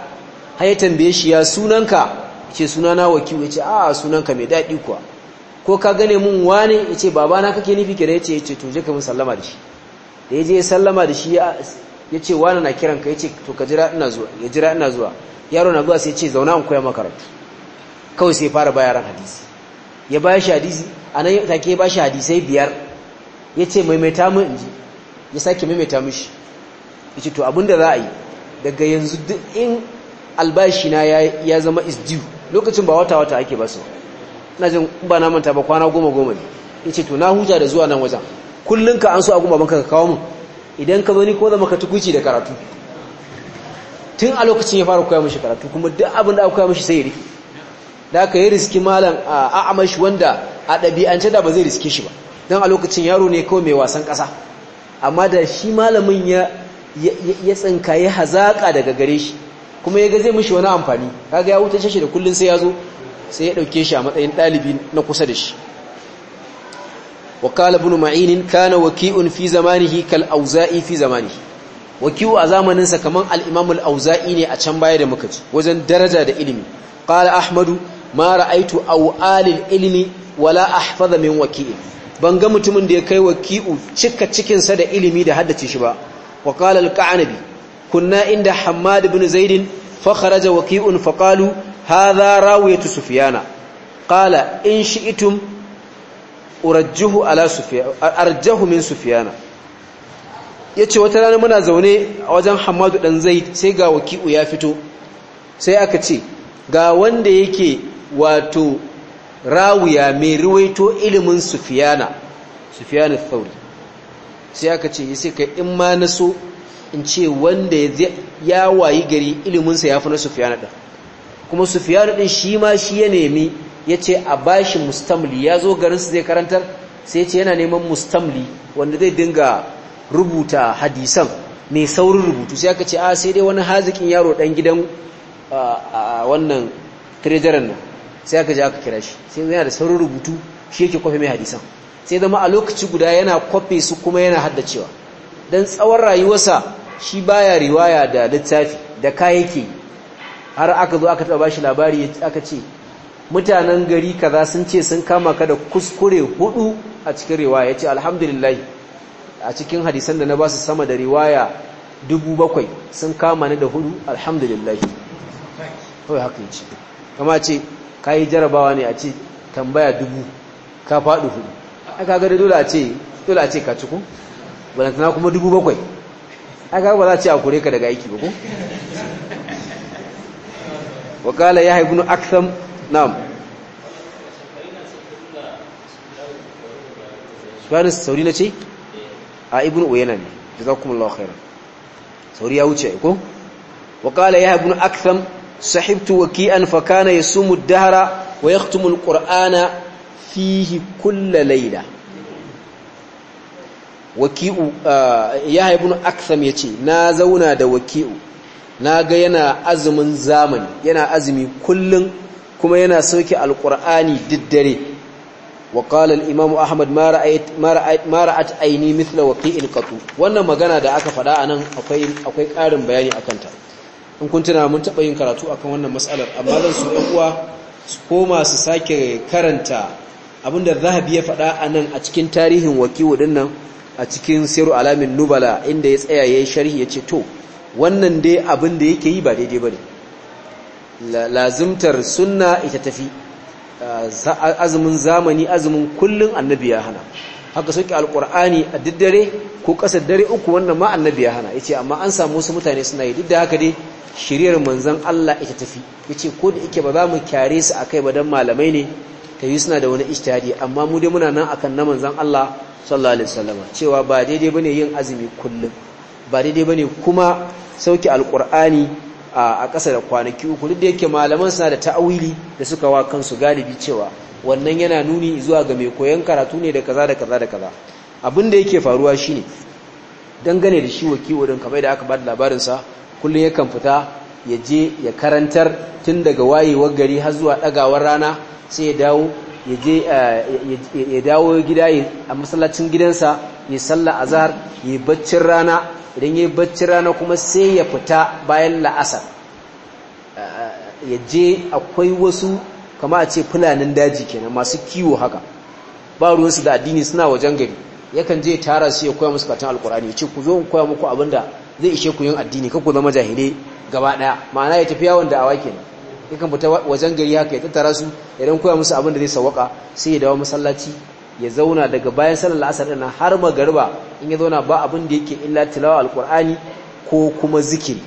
har ya tambaye shi ya sunanka ce sunana wakilu ya ce a sunanka mai daɗi kuwa ko ka gane mun wane ya ce babana kake nufi kira ya ce ya ce to je ka mun sallama da shi da ya je ya sallama da shi ya ce wane na kiran ka? ya ce to ka jira ina zuwa ya jira ina zuwa yaro na zuwa sai ya ce zauna in koya makarantu kawai sai fara bayaran hadisi ya ba shi hadisi a nan take ba shi hadisai biyar ya ce maimaita mun in ji ya sake maimaita mishi ce to abinda za a yi daga yanzu duk in albashi na ya zama is due lokacin ba wata wata ake basu ina jin ba na manta ba kwana goma goma ne ce to na huta da zuwa nan wajen kullum ka an so a goma banka ka kawo mu idan ka bani ko zama ka tukuci da karatu tun a lokacin ya fara koya mashi karatu kuma duk abin da aka koya mashi sai ya rike da aka yi riski malam a amashi wanda a ɗabi'ance da ba zai riske shi ba don a lokacin yaro ne kawai mai wasan ƙasa amma da shi malamin ya ya tsinkaye hazaka daga gare shi kuma ya ga zai mishi wani amfani kaga ya wuce shi da kullun sai ya zo sai ya dauke shi a matsayin dalibi na kusa da shi wa qala ibn ma'in kana waki'un fi zamanihi kal auza'i fi zamanihi waki'u a zamanin sa kaman al-imam al-auza'i ne a can baya da muka ji wajen daraja da ilimi qala ahmadu ma ra'aytu awalil ilmi wala ahfaza min waki'in ban ga mutumin da ya kai waki'u ki'u cika cikinsa da ilimi da haddace shi ba wa qala al-qanabi kunna inda hammad ibn zaid fa kharaja waqi'un fa qalu hadha rawiyatu sufyana qala in shi'tum urajjuhu ala sufyana arjahu min sufyana yace wata rana muna zaune a wajen hammad dan zaid sai ga waki'u ya fito sai aka ce ga wanda yake wato rawuya mai ruwaito ilimin sufiyana sufiyana thauri sai aka ce sai ka in ma na so in ce wanda ya wayi gari iliminsa ya fi na sufiyana ɗin kuma sufiyana ɗin shi ma shi ya nemi ya ce a bashi mustamli ya zo garinsu zai karantar sai ya ce yana neman mustamli wanda zai dinga rubuta hadisan mai saurin rubutu sai aka ce a ah, sai dai wani haziƙin yaro ɗan gidan wannan trejaran nan sai aka ji aka kira shi sai yana da saurin rubutu shi yake kwafi mai hadisan sai zama a lokaci guda yana kwafi su kuma yana haddacewa don tsawon rayuwarsa shi baya riwaya da littafi da kayayyaki har aka zo aka taba shi labari aka ce mutanen gari kaza sun ce sun kama ka da kuskure hudu a cikin riwaya ya ce alhamdulillah a cikin hadisan da na ba su sama da riwaya dubu bakwai sun kama ni da hudu alhamdulillah kawai haka yi ce kama ce ka yi jarabawa ne a ce tambaya dubu ka faɗi hudu aka gada dole a ce dole a ce ka ciku balantana kuma dubu bakwai aka ba za a ce a kure ka daga aiki ba ko wakala ya haifu na aksam nam suwanin sauri na ce a ibn uyana ne da za kuma lawakairar sauri ya wuce ko wakala ya haifu na aksam sahibtu waki'an fa kana yasumu ad-dahra wa yaktumu al-qur'ana fihi kull layla waki'u uh, ya ibn aktham yace na zauna da waki'u naga yana azumin zamani yana azumi kullun kuma yana sauki alqur'ani diddare wa qala al-imam ahmad ma ra'ayt ma ra'ayt ma ra'at ayni mithla qatu wannan magana da aka fada anan akwai akwai ƙarin bayani akan ta in kun tuna mun taɓa yin karatu akan wannan matsalar amma zan su uwa su koma su sake karanta abinda zahabi ya faɗa a nan a cikin tarihin wakiwu din nan a cikin siru alamin nubala inda ya tsaya ya yi sharhi ya ce to wannan dai abin da yake yi ba daidai ba ne lazimtar suna ita tafi azumin zamani azumin kullum annabi ya hana haka soke alkur'ani a duk dare ko ƙasar dare uku wannan ma annabi ya hana ce amma an samu wasu mutane suna yi duk da haka dai shiriyar manzan Allah ita tafi yace ko da yake ba za mu kyare su kai ba dan malamai ne yi suna da wani ishtihadi amma mu dai muna nan akan na manzan Allah sallallahu alaihi wasallam cewa ba daidai bane yin azumi kullum ba daidai bane kuma sauki alqur'ani a ƙasa da kwanaki uku duk da yake malaman suna da ta'awili da suka wa kansu galibi cewa wannan yana nuni zuwa ga mai koyon karatu ne da kaza da kaza da kaza abin da yake faruwa shine dangane da shi wakiwo din kamar da aka ba da labarin sa kullum yakan fita ya je ya karantar tun daga wayewar gari har zuwa ɗagawar rana sai ya dawo ya je eh, ya dawo gida a masallacin gidansa ya salla azhar ya baccin rana idan ya baccin rana kuma sai ya fita bayan la'asar eh, ya je akwai wasu kama a ce fulanin daji kenan masu kiwo haka ba ruwansu da addini suna wajen gari yakan je tara su ya koya musu katon alkur'ani ya ce ku zo in koya muku abinda zai ishe ku yin addini kanku zama jahilai gaba daya ma'ana ya tafi yawon da'awa kenan kan fita wajen gari haka ya tattara su idan dan koya musu abin da zai sawaka sai ya dawo masallaci ya zauna daga bayan sallar la'asar din har magarba in ya zauna ba abin da yake illa tilawa alkur'ani ko kuma zikiri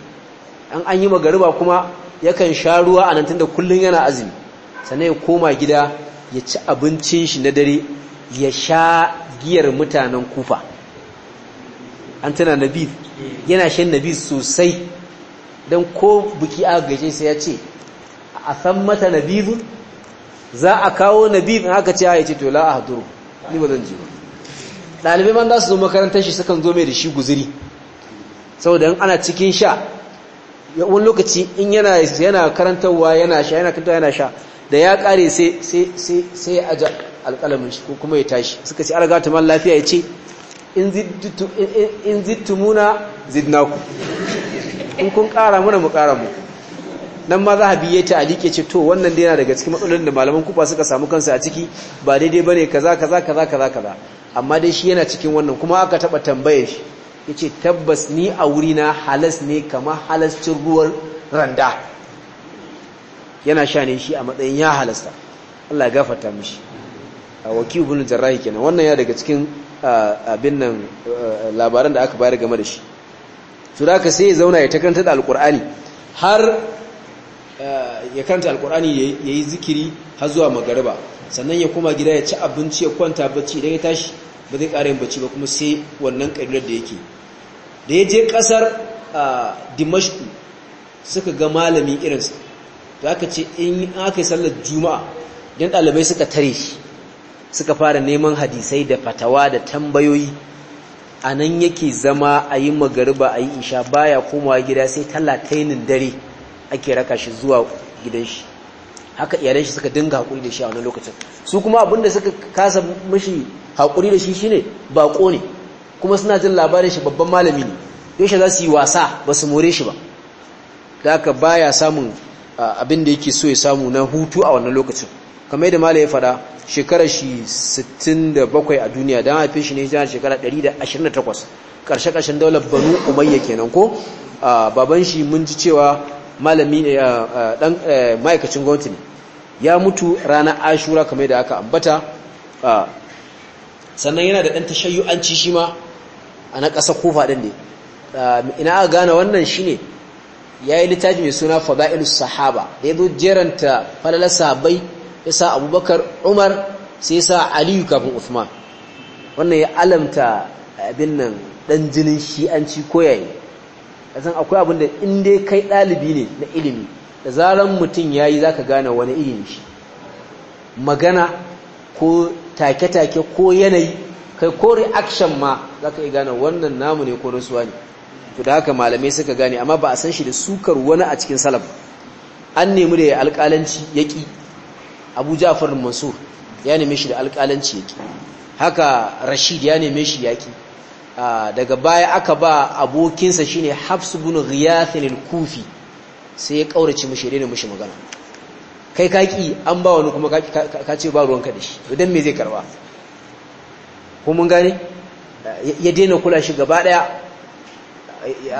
an an yi magarba kuma yakan sha ruwa a nan tunda kullum yana azumi sannan ya koma gida ya ci abincin shi na dare ya sha giyar mutanen kufa an tana nabi yana shan nabi sosai don ko buki aka gaishe sai ya ce a san mata nabizu za a kawo in haka ce ya ce to la a haduru ni ba zan ji ba ɗalibai man za su zo makarantar shi sukan zo mai da shi guziri saboda ana cikin sha wani lokaci in yana yana karantarwa yana sha yana kantarwa yana sha da ya kare sai ya aja alƙalamin shi ko kuma ya tashi suka ce an ta man lafiya ya ce in zidnaku in kun kara muna mu kara mu nan ma za a biye ta alike ce to wannan dai yana daga cikin matsalolin da malaman kufa suka samu kansu a ciki ba daidai bane kaza kaza kaza kaza kaza amma dai shi yana cikin wannan kuma aka taba tambaye shi yace tabbas ni a wuri na halas ne kama halascin ruwan randa yana sha ne shi a matsayin ya halasta Allah ya gafarta mishi a wakil ibn jarrahi kenan wannan ya daga cikin abin nan eh, labaran da aka bayar game da shi su da aka sai ya zauna ya ta da alkur'ani har eh, ya kanta alkur'ani ya yi zikiri har zuwa magariba sannan ya kuma gida ya ci abinci ya kwanta bacci idan ya tashi ba zai ƙara yin bacci ba kuma sai wannan kabilar da yake da ya je ƙasar dimashku suka ga malami irinsa to aka ce in aka yi sallar juma'a don ɗalibai suka tare shi suka fara neman hadisai da fatawa da tambayoyi a nan yake zama a yi magariba a yi isha baya komawa gida sai talatainin dare ake raka shi zuwa gidan shi haka iyalan shi suka dinga haƙuri da shi a wani lokacin su kuma abinda suka kasa mashi haƙuri da shi shine baƙo ne kuma suna jin labarin shi babban malami ne yaushe za su yi wasa ba su more shi ba da haka baya samun abin da yake so ya samu na hutu a wannan lokacin kamar da malai ya fada shekarar shi 67 a duniya dan haife shi ne hijira shekara 128 karshe karshen daular banu umayya kenan ko baban shi mun ji cewa malami dan ma'aikacin gwamnati ya mutu rana ashura kamar da aka ambata sannan yana da dan tashayyu'anci shi ma a na ƙasa kofa din ne ina aka gane wannan shi ne ya yi littafi mai suna fada'ilus sahaba da ya zo jeranta falalar sahabbai ya sa abubakar umar sai ya sa aliyu kafin usman wannan ya alamta abin nan dan jinin shi'anci ko yayi kasan akwai abin da inda dai kai ɗalibi ne na ilimi da zaren mutum ya yi za ka gane wani ilimi shi magana ko take-take ko yanayi kai ko reaction ma za ka iya gane wannan namu ne ko rasuwa ne to da haka malamai suka gane amma ba a san shi da sukar wani a cikin salaf an nemi da ya alƙalanci yaƙi abu ja'far mansur ya neme shi da alƙalanci yake haka rashid ya neme shi yaki daga baya aka ba abokinsa shine hafs ibn ghiyath al-kufi sai ya kaurace mishi da mishi magana kai kaki an ba wani kuma ka ce ba ruwanka da shi idan me zai karba ko mun gane ya daina kula shi gaba daya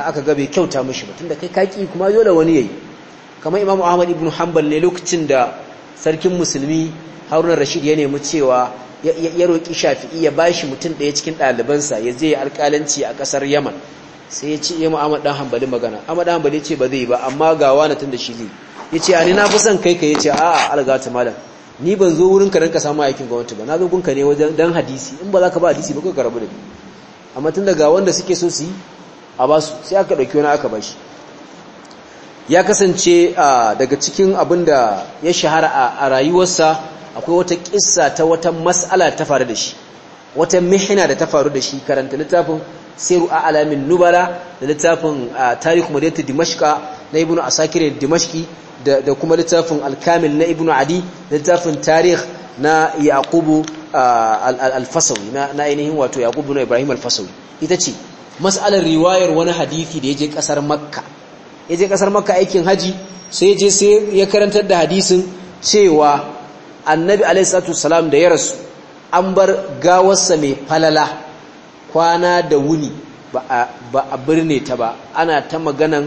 aka gabe kyauta mishi ba tunda kai kaki kuma yola wani yayi kamar imamu ahmad ibn hanbal ne lokacin da sarkin musulmi haruna rashid ya nemi cewa ya roƙi shafi'i ya bashi mutum ɗaya cikin ɗalibansa ya je alƙalanci a ƙasar yaman sai ya ce eh, ya mu amadan hambali magana amadan hambali ce ba zai ba amma ga wani tun da shi zai ya ce ni na fi son kai ka ya ce a'a algata malam ni ban zo wurin ka ranka samu aikin gwamnati ba na zo gunka ne wajen dan hadisi in ba za ka ba hadisi ba ka rabu da ni amma tun daga wanda suke so su yi a ba sai aka ɗauki wani aka bashi. ya kasance daga cikin abin da ya shahara a rayuwarsa akwai wata kissa ta wata mas'ala ta faru da shi wata mihina da ta faru da shi karanta littafin siru a alamin nubala da littafin tarihi tarihu madiyatu Dimashka, na ibnu asakir Dimashki, da kuma littafin alkamil na ibnu adi da littafin tarih na yaqubu al na ainihin wato Yakubu na ibrahim al ita ce mas'alar riwayar wani hadisi da ya je kasar makka ya je kasar maka aikin haji sai je sai ya karantar da hadisin cewa annabi alaihi salam da ya rasu an bar gawarsa mai falala kwana da wuni ba a birne ta ba ana ta maganan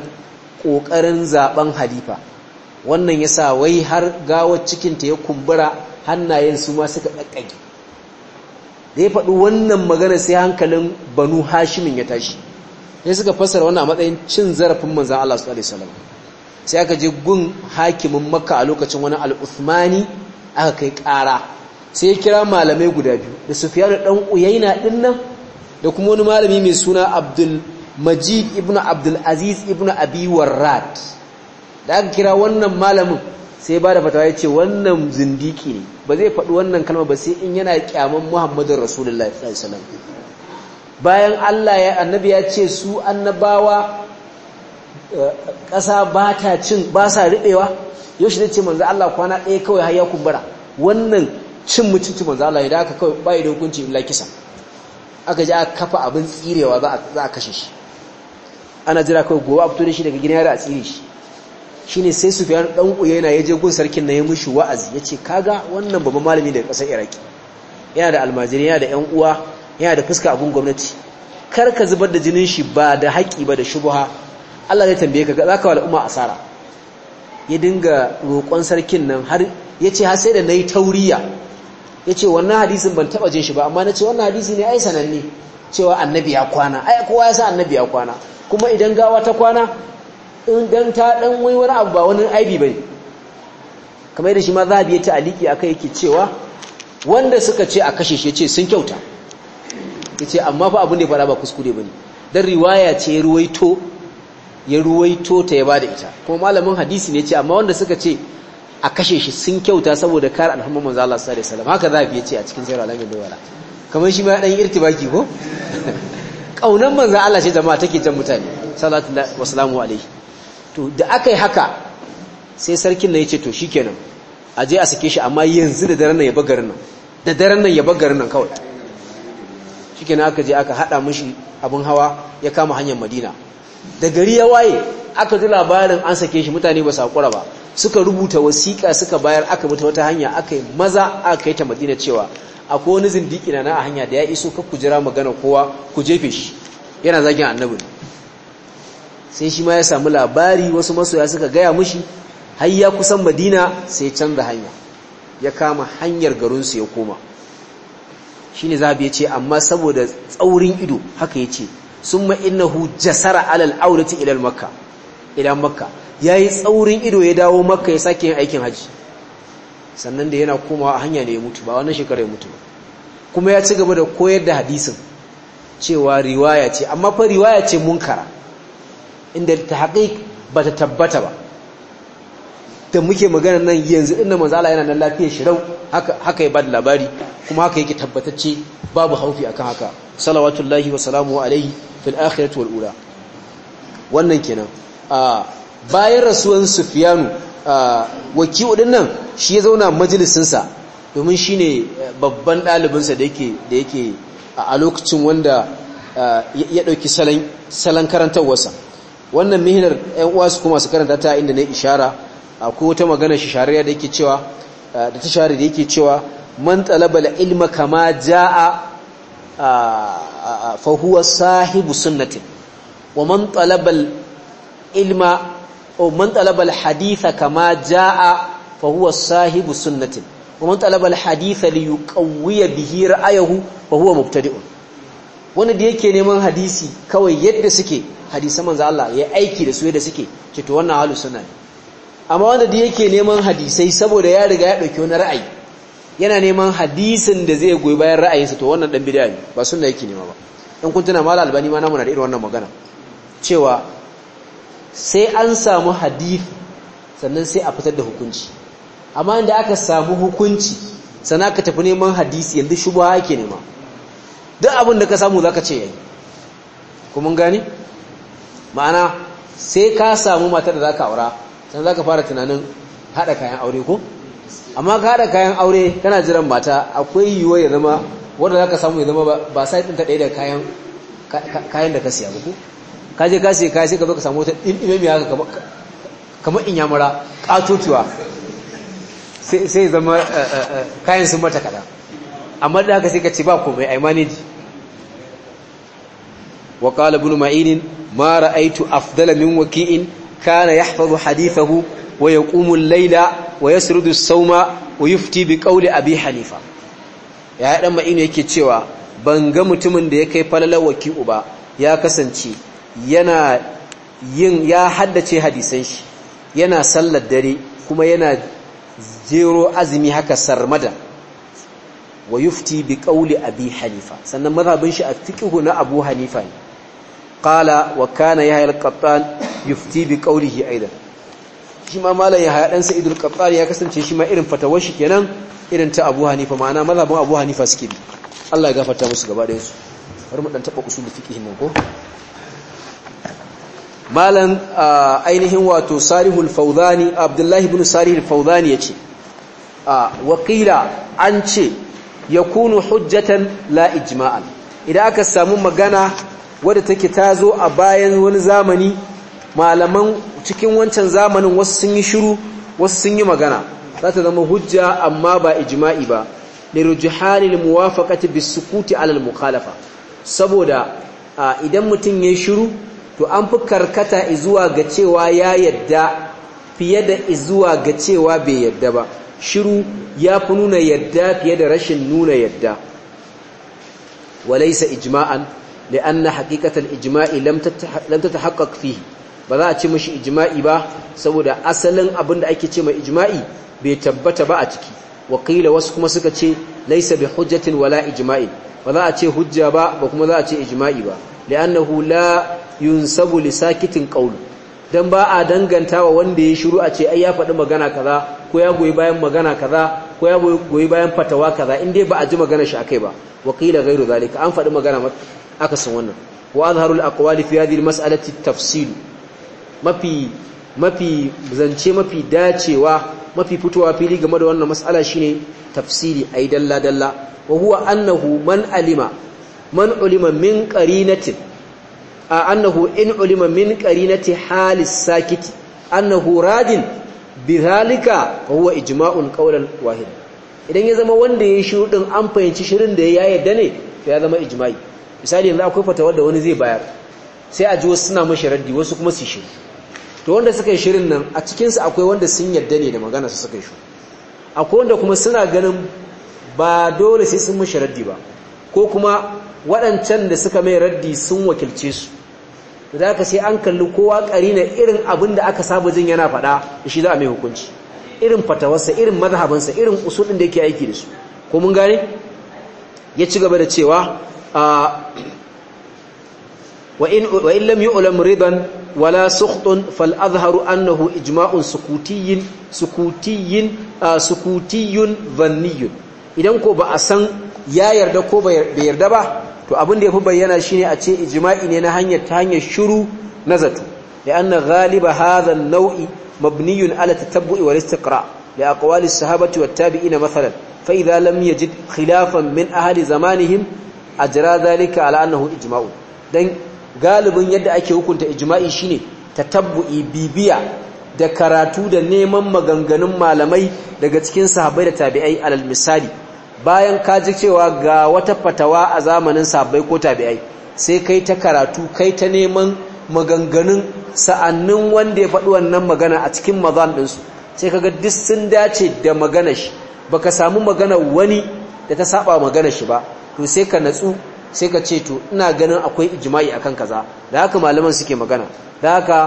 ƙoƙarin zaben halifa wannan ya sa wai har gawar cikinta ya kumbura hannayen su ma suka ɗaƙƙaƙi da ya faɗi wannan magana sai hankalin banu hashimin ya tashi sai suka fassara wannan a matsayin cin zarafin manzan Allah sallallahu alaihi wasallam sai aka je gun hakimin maka a lokacin wani al-uthmani aka kai ƙara sai ya kira malamai guda biyu da sufyan dan uyaina din nan da kuma wani malami mai suna abdul majid ibn abdul aziz ibn abi Warrat da aka kira wannan malamin sai ba da fatawa ya ce wannan zindiki ne ba zai faɗi wannan kalma ba sai in yana kyaman muhammadin rasulullahi sallallahu bayan Allah ya annabi ya ce su annabawa eh, ƙasa ba ta cin ba sa riɓewa yau shi ce manzo Allah kwana ɗaya kawai har ya kumbura wannan cin mutunci manzo Allah idan aka kawai bai da hukunci illa kisa aka ji aka kafa abin tsirewa za a kashe shi ana jira kawai gobe a fito da shi daga gina yara a tsire shi shine sai su Sufyan dan Uyayna ya je gun sarkin na ya mushi wa'azi yace kaga wannan babban malami daga ƙasar Iraki yana da almajiri yana da ƴan uwa yana da fuska abun gwamnati kar ka zubar da jinin shi ba da haƙi ba da shubha Allah zai tambaye ka zaka wa al'umma asara ya dinga roƙon sarkin nan har yace har sai da nayi tauriya yace wannan hadisin ban taba jin shi ba amma nace wannan hadisi ne ai sananne cewa annabi ya kwana ai kowa ya sa annabi ya kwana kuma idan gawa ta kwana in dan ta dan wai wani abu ba wani aibi bane kamar da shi ma zabi ya ta aliki akai yake cewa wanda suka ce a kashe shi yace sun kyauta yace amma fa abin da ya fara ba kuskure bane dan riwaya ce ya ruwaito ya ruwaito ta ya bada ita kuma malamin hadisi ne ce amma wanda suka ce a kashe shi sun kyauta saboda kare alhamman manzo Allah sallallahu alaihi wasallam haka zafi yace a cikin sirra alamin dawala kamar shi ma dan irtibaki ko kaunan *laughs* manzo Allah ce jama'a take jan mutane salatu wassalamu alaihi to da akai haka sai sarkin nan yace to shikenan aje a sake shi amma yanzu da daren nan ya bagarin nan da daren nan ya bagarin nan kawai na aka je aka hada mishi abin hawa ya kama hanyar madina da gari ya waye aka ji labarin an sake shi mutane ba hakura ba suka rubuta wasiƙa suka bayar aka mutu wata hanya aka yi maza aka yi ta madina cewa akwai wani zindiki na a hanya da ya iso ka kujira magana kowa ku jefe shi yana zagin annabi sai shi ma ya samu labari wasu masoya suka gaya mushi har ya kusan madina sai canza hanya ya kama hanyar garinsu ya koma shine ya ce amma saboda tsaurin ido haka yace summa innahu jasara alal aulati ila makka ila makka yayi tsaurin ido ya dawo makka ya sake yin aikin haji sannan da yana komawa a hanya ne ya mutu ba wannan shekarar ya mutu ba kuma ya ci gaba da koyar da hadisin cewa riwaya ce amma fa riwaya ce munkara inda ta ba ta tabbata ba da muke magana nan yanzu inda manzo Allah yana nan lafiyar shirau haka ya ba da labari kuma haka yake tabbatacce babu haufi akan haka salawatullahi wa salamu alaihi fil akhirati wal ula wannan kenan bayan rasuwan sufyanu wakiu din nan shi ya zauna majalisin sa domin shine e, babban dalibin da yake da a lokacin wanda ya dauki salan salan sa wannan mihinar ƴan uwa su kuma su karanta ta inda ne ishara akwai wata magana shi shari'a da yake cewa da ta shahara da yake cewa man talabal ilma kama jaa fa huwa sahibu sunnatin wa man talabal ilma o man talabal haditha kama jaa fa huwa sahibu sunnati wa man talabal haditha li yuqawwiya bihi ra'ayahu fa huwa mubtadi'un wanda da yake neman hadisi kawai yadda suke hadisan manzo Allah ya aiki da su yadda suke ce to wannan halu sunna amma wanda da yake neman hadisai saboda ya riga ya ɗauki wani ra'ayi yana neman hadisin da zai goyi bayan ra'ayinsa to wannan ɗan bid'a ne ba sunna yake nema ba in kun tuna mala albani ma na muna da irin wannan magana cewa sai an samu hadisi sannan sai a fitar da hukunci amma inda aka samu hukunci sannan ka tafi neman hadisi yanzu shubha ake nema duk abin da ka samu zaka ce yayi kuma gani ma'ana sai ka samu matar da zaka aura san za ka fara tunanin haɗa kayan aure ko amma ka haɗa kayan aure kana jiran mata akwai yiwuwa ya zama wanda za ka samu ya zama ba sai ɗinta ɗaya da kayan da ka siya ba ko ka je ka siya kayan sai ka zo ka samu wata ɗimɗimami haka kamar in yamura ƙatotuwa sai zama eh, eh, eh, kayan sun mata kaɗan amma da haka sai ka ce ba komai ai manage wa qala ibn ma'in ma ra'aytu afdala min waki'in kana yahfazu hadithahu wa yaqumu al-laila wa yasrudu as bi qawli abi hanifa ya dan ma'inu yake cewa ban ga mutumin da ya kai falalar waki'u ba ya kasance yin ya haddace hadisan shi yana sallar dare kuma yana jero azumi haka sarmada wa bi qawli abi hanifa sannan mazhabin shi a fiqhu na abu hanifa ne qala wa kana yahya al-qattan yufti bi qawlihi aidan shi ma malam yahya dan sa'id al-qattan ya kasance shi ma irin fatawar shi kenan irin ta abu hanifa ma'ana mazhabin abu hanifa suke bi Allah ya gafarta musu gaba ɗayan su bari mu dan taba usul fiqh nan ko malam ainihin wato sarihul faudani abdullahi ibn sarihul faudani yace wakila an ce yakunu hujjatan la ijma'an idan aka samu magana wadda take ta zo a bayan wani zamani malaman cikin wancan zamanin wasu sun yi shiru wasu sun yi magana za ta zama hujja amma ba ijima'i ba da muwafakati muwafaqati bisukuti alal mukhalafa saboda idan mutum ya shiru to an fi karkata zuwa ga cewa ya yadda fiye da zuwa ga cewa bai yadda ba shiru ya fi nuna yadda fiye da rashin nuna yadda walaisa ijma'an لأن حقيقة الإجماع لم لم تتحقق فيه ba za a ce mashi ijma'i ba saboda asalin abin da ake ce mai ijma'i bai tabbata ba a ciki wakila wasu kuma suka ce laisa bi hujjatin wala ijma'i ba za a ce hujja ba ba kuma za a ce ijma'i ba li'annahu la yunsabu li sakitin qawl dan ba a wa wanda ya shiru a ce ai ya faɗi magana kaza ko ya goyi bayan magana kaza ko ya goyi bayan fatawa kaza in dai ba a ji magana shi akai ba wakila ghairu zalika an faɗi magana akasin wannan wa azharul aqwali fi hadhihi almas'alati tafsil mafi mafi zance mafi dacewa mafi fitowa fili game da wannan mas'ala shine tafsiri ay dalla dalla wa huwa annahu man alima man ulima min qarinatin annahu in ulima min qarinati halis sakiti annahu radin bidhalika huwa ijma'un qawlan wahid idan ya zama wanda ya ɗin an fahimci shirin da ya yarda ne ya zama ijma'i misali yanzu akwai fatawar da wani zai bayar sai a ji wasu suna mashi raddi wasu kuma su shiru to wanda suka yi shirin nan a cikinsu akwai wanda sun yadda ne da magana su suka yi shiru akwai wanda kuma suna ganin ba dole sai sun mashi raddi ba ko kuma waɗancan da suka mai raddi sun wakilce su da ka sai an kalli kowa na irin abin da aka saba jin yana faɗa shi za a mai hukunci irin fatawarsa irin mazhabansa irin usulin da yake aiki da su ko mun gane ya ci gaba da cewa wa in lam yu'lam ridan wala sukhtun fal azharu annahu ijma'un sukutiyyin sukutiyyin sukutiyyun dhanniyun idan ko ba a san ya yarda ko bai yarda ba to abin da fi bayyana shine a ce ijma'i ne na hanyar ta hanyar shuru na zato لأن غالب هذا النوع مبني على التتبع والاستقراء لأقوال الصحابة والتابعين مثلا فإذا لم يجد خلافا من أهل زمانهم a jira zalika ala annahu ijma'u dan galibin yadda ake hukunta ijma'i shine tatabbu'i bibiya da karatu da neman maganganun malamai daga cikin sahabbai da tabi'ai alal misali bayan ka ji cewa ga wata fatawa a zamanin sahabbai ko tabi'ai sai kai ta karatu kai ta neman maganganun sa'annin wanda ya faɗi wannan magana a cikin mazan ɗinsu sai kaga duk sun dace da magana shi baka samu maganar wani da ta saba magana shi ba to sai ka natsu sai ka ce to ina ganin akwai ijma'i akan kaza da haka malaman suke magana da haka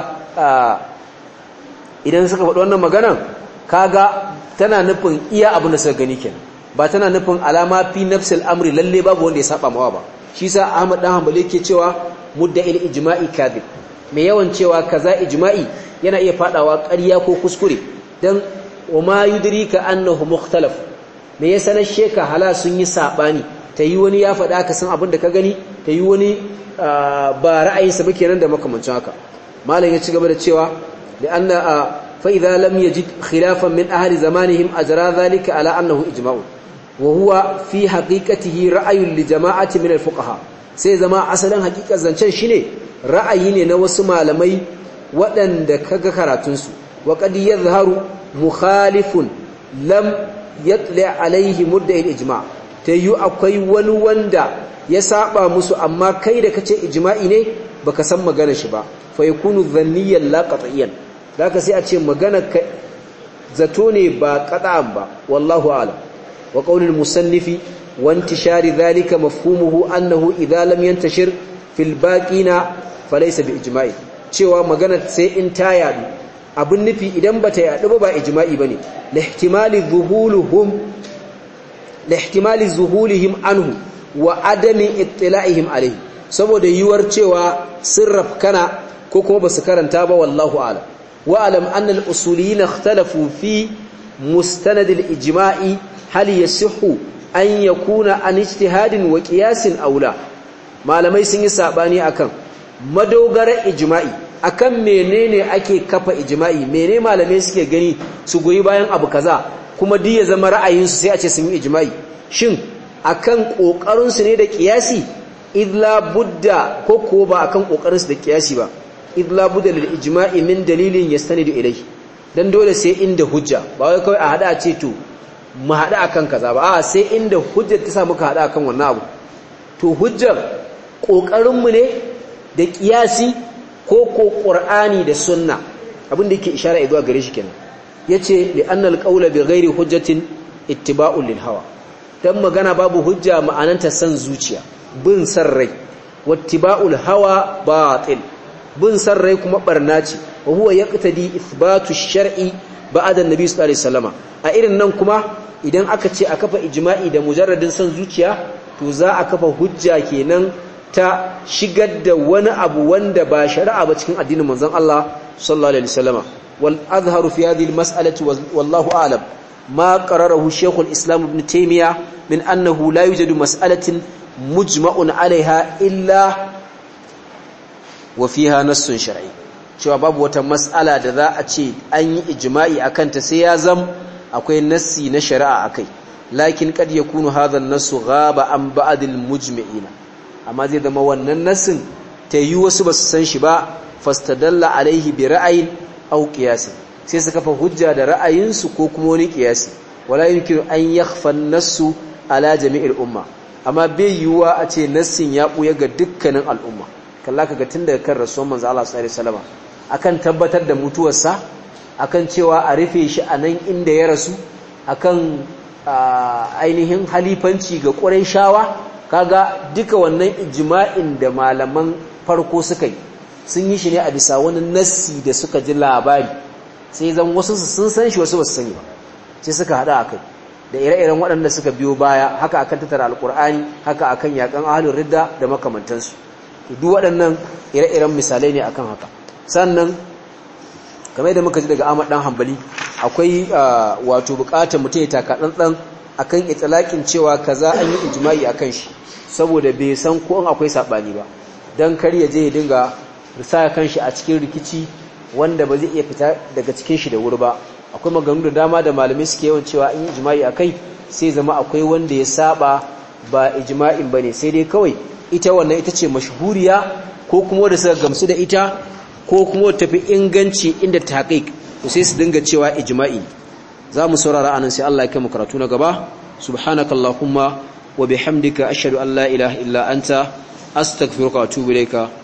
idan suka faɗi wannan maganan kaga tana nufin iya abu da suka gani kenan ba tana nufin alama fi nafsil amri lalle babu wanda ya saba mawa ba shi sa Ahmad dan Hanbali yake cewa mudda'il ijma'i kadhib mai yawan cewa kaza ijma'i yana iya fadawa ƙarya ko kuskure dan ma yudrika annahu mukhtalaf me ya na sheka hala sun yi sabani ta yi wani ya faɗa ka san abin da ka gani ta yi wani ba ra'ayinsa ba kenan da makamancin haka malam ya ci gaba da cewa da an na a idza lam yajid khilafan min ahli zamanihim ajra zalika ala annahu ijma'u wa huwa fi haqiqatihi ra'ayun li jama'ati min al sai zama asalin haƙiƙar zancen shi ne ra'ayi ne na wasu malamai waɗanda ka ga karatunsu wa qad yadhharu mukhalifun lam yatla alayhi mudda'il al-ijma' ta yi akwai wani wanda ya saba musu amma kai da kace ijma'i ne baka san magana shi ba fa yakunu dhanniyan la qat'iyan daka sai a ce magana ka zato ne ba qat'an ba wallahu a'lam wa qawlul musannifi wa intishari dhalika mafhumuhu annahu idha lam yantashir fil baqina falaysa bi ijma'i cewa magana sai in ta yadu abin nufi idan bata yadu ba ba ijma'i bane la ihtimali dhuhuluhum da ihtimali zuhulihim anhu wa adamin ittila'ihim alaihi saboda yiwuwar cewa sirraf kana ko kuma basu karanta ba wallahu a'lam wa alam anna al-usuliyin ikhtalafu fi mustanad al-ijma'i hal yasihhu an yakuna an ijtihadin wa qiyasin aula malamai sun yi sabani akan madogarar ijma'i akan menene ake kafa ijma'i menene malamai suke gani su goyi bayan abu kaza kuma duk ya zama ra'ayinsu sai a ce sun yi ijima'i shin a kan ƙoƙarinsu ne da ƙiyasi? idla budda ko ko ba kan kokarinsu da ƙiyasi ba idla budda da ijma'i min dalilin ya sani da ilai Don dole sai inda hujja ba wai kawai a hada a ce to mu hada kan kaza ba a sai inda hujja ta samu haɗa hada kan wannan abu to hujjar ƙoƙarinmu ne da ƙiyasi ko ko ƙur'ani da sunna abin da yake ishara zuwa gare shi kenan Ya ce anna al-qawla bi gairi hujjatin ittiba'un lil hawa dan magana babu hujja ma'ananta san zuciya bin san rai wattiba'ul hawa batil bin san rai kuma barna ce wa huwa yaqtadi ithbatu shari ba'da an-nabi sallallahu alaihi wasallama a irin nan kuma idan aka ce a kafa ijma'i da mujarradin san zuciya to za a kafa hujja kenan ta shigar da wani abu wanda ba shari'a ba cikin addinin manzon Allah sallallahu alaihi wasallama والأظهر في هذه المسألة والله أعلم ما قرره شيخ الإسلام ابن تيمية من أنه لا يوجد مسألة مجمع عليها إلا وفيها نص شرعي cewa babu wata mas'ala da za a ce an yi ijma'i akan ta sai ya zam akwai nassi na shari'a akai lakin kad yakunu hadha an-nassu ghaba an ba'd al amma zai zama wannan nassin ta yi wasu basu san shi ba fastadalla alaihi bi ra'ayin au qiyasin sai su kafa hujja da ra'ayinsu ko kuma wani kiyasi wala yumkin an yakhfa an-nassu ala jami'il umma amma bai yiwuwa a ce nassin ya buya ga dukkanin al'umma kalla kaga tun daga kan rasulun manzo Allah sallallahu alaihi wasallam akan tabbatar da mutuwar sa akan cewa a rufe shi a nan inda ya rasu akan ainihin halifanci ga ka kaga duka wannan ijma'in da malaman farko suka yi sun yi shi ne a bisa wani nassi da suka ji labari sai zan wasu sun san shi wasu basu sani ba sai suka hada a kai da ire-iren waɗanda suka biyo baya haka akan tattara alkur'ani haka akan yakan ahalin ridda da makamantansu duk waɗannan ire-iren misalai ne akan haka sannan kamar da muka ji daga Ahmad dan Hanbali akwai ah, wato bukatar mutum ya taka tsantsan akan itlaqin cewa kaza an yi ijma'i akan shi saboda bai san ko an akwai saɓani ba don kar ya je ya dinga sa kanshi a cikin rikici wanda ba zai iya fita daga cikin shi da wuri ba akwai maganganu da dama da malamai suke yawan cewa in ijma'i akai sai zama akwai wanda ya saba ba ijma'in bane sai dai kawai ita wannan ita ce mashhuriya ko kuma da suka gamsu da ita ko kuma tafi inganci inda taqiq to sai su dinga cewa ijma'i za mu saurara anan sai Allah ya kai mu karatu na gaba allahumma wa bihamdika ashhadu an la ilaha illa anta astaghfiruka wa atubu ilaika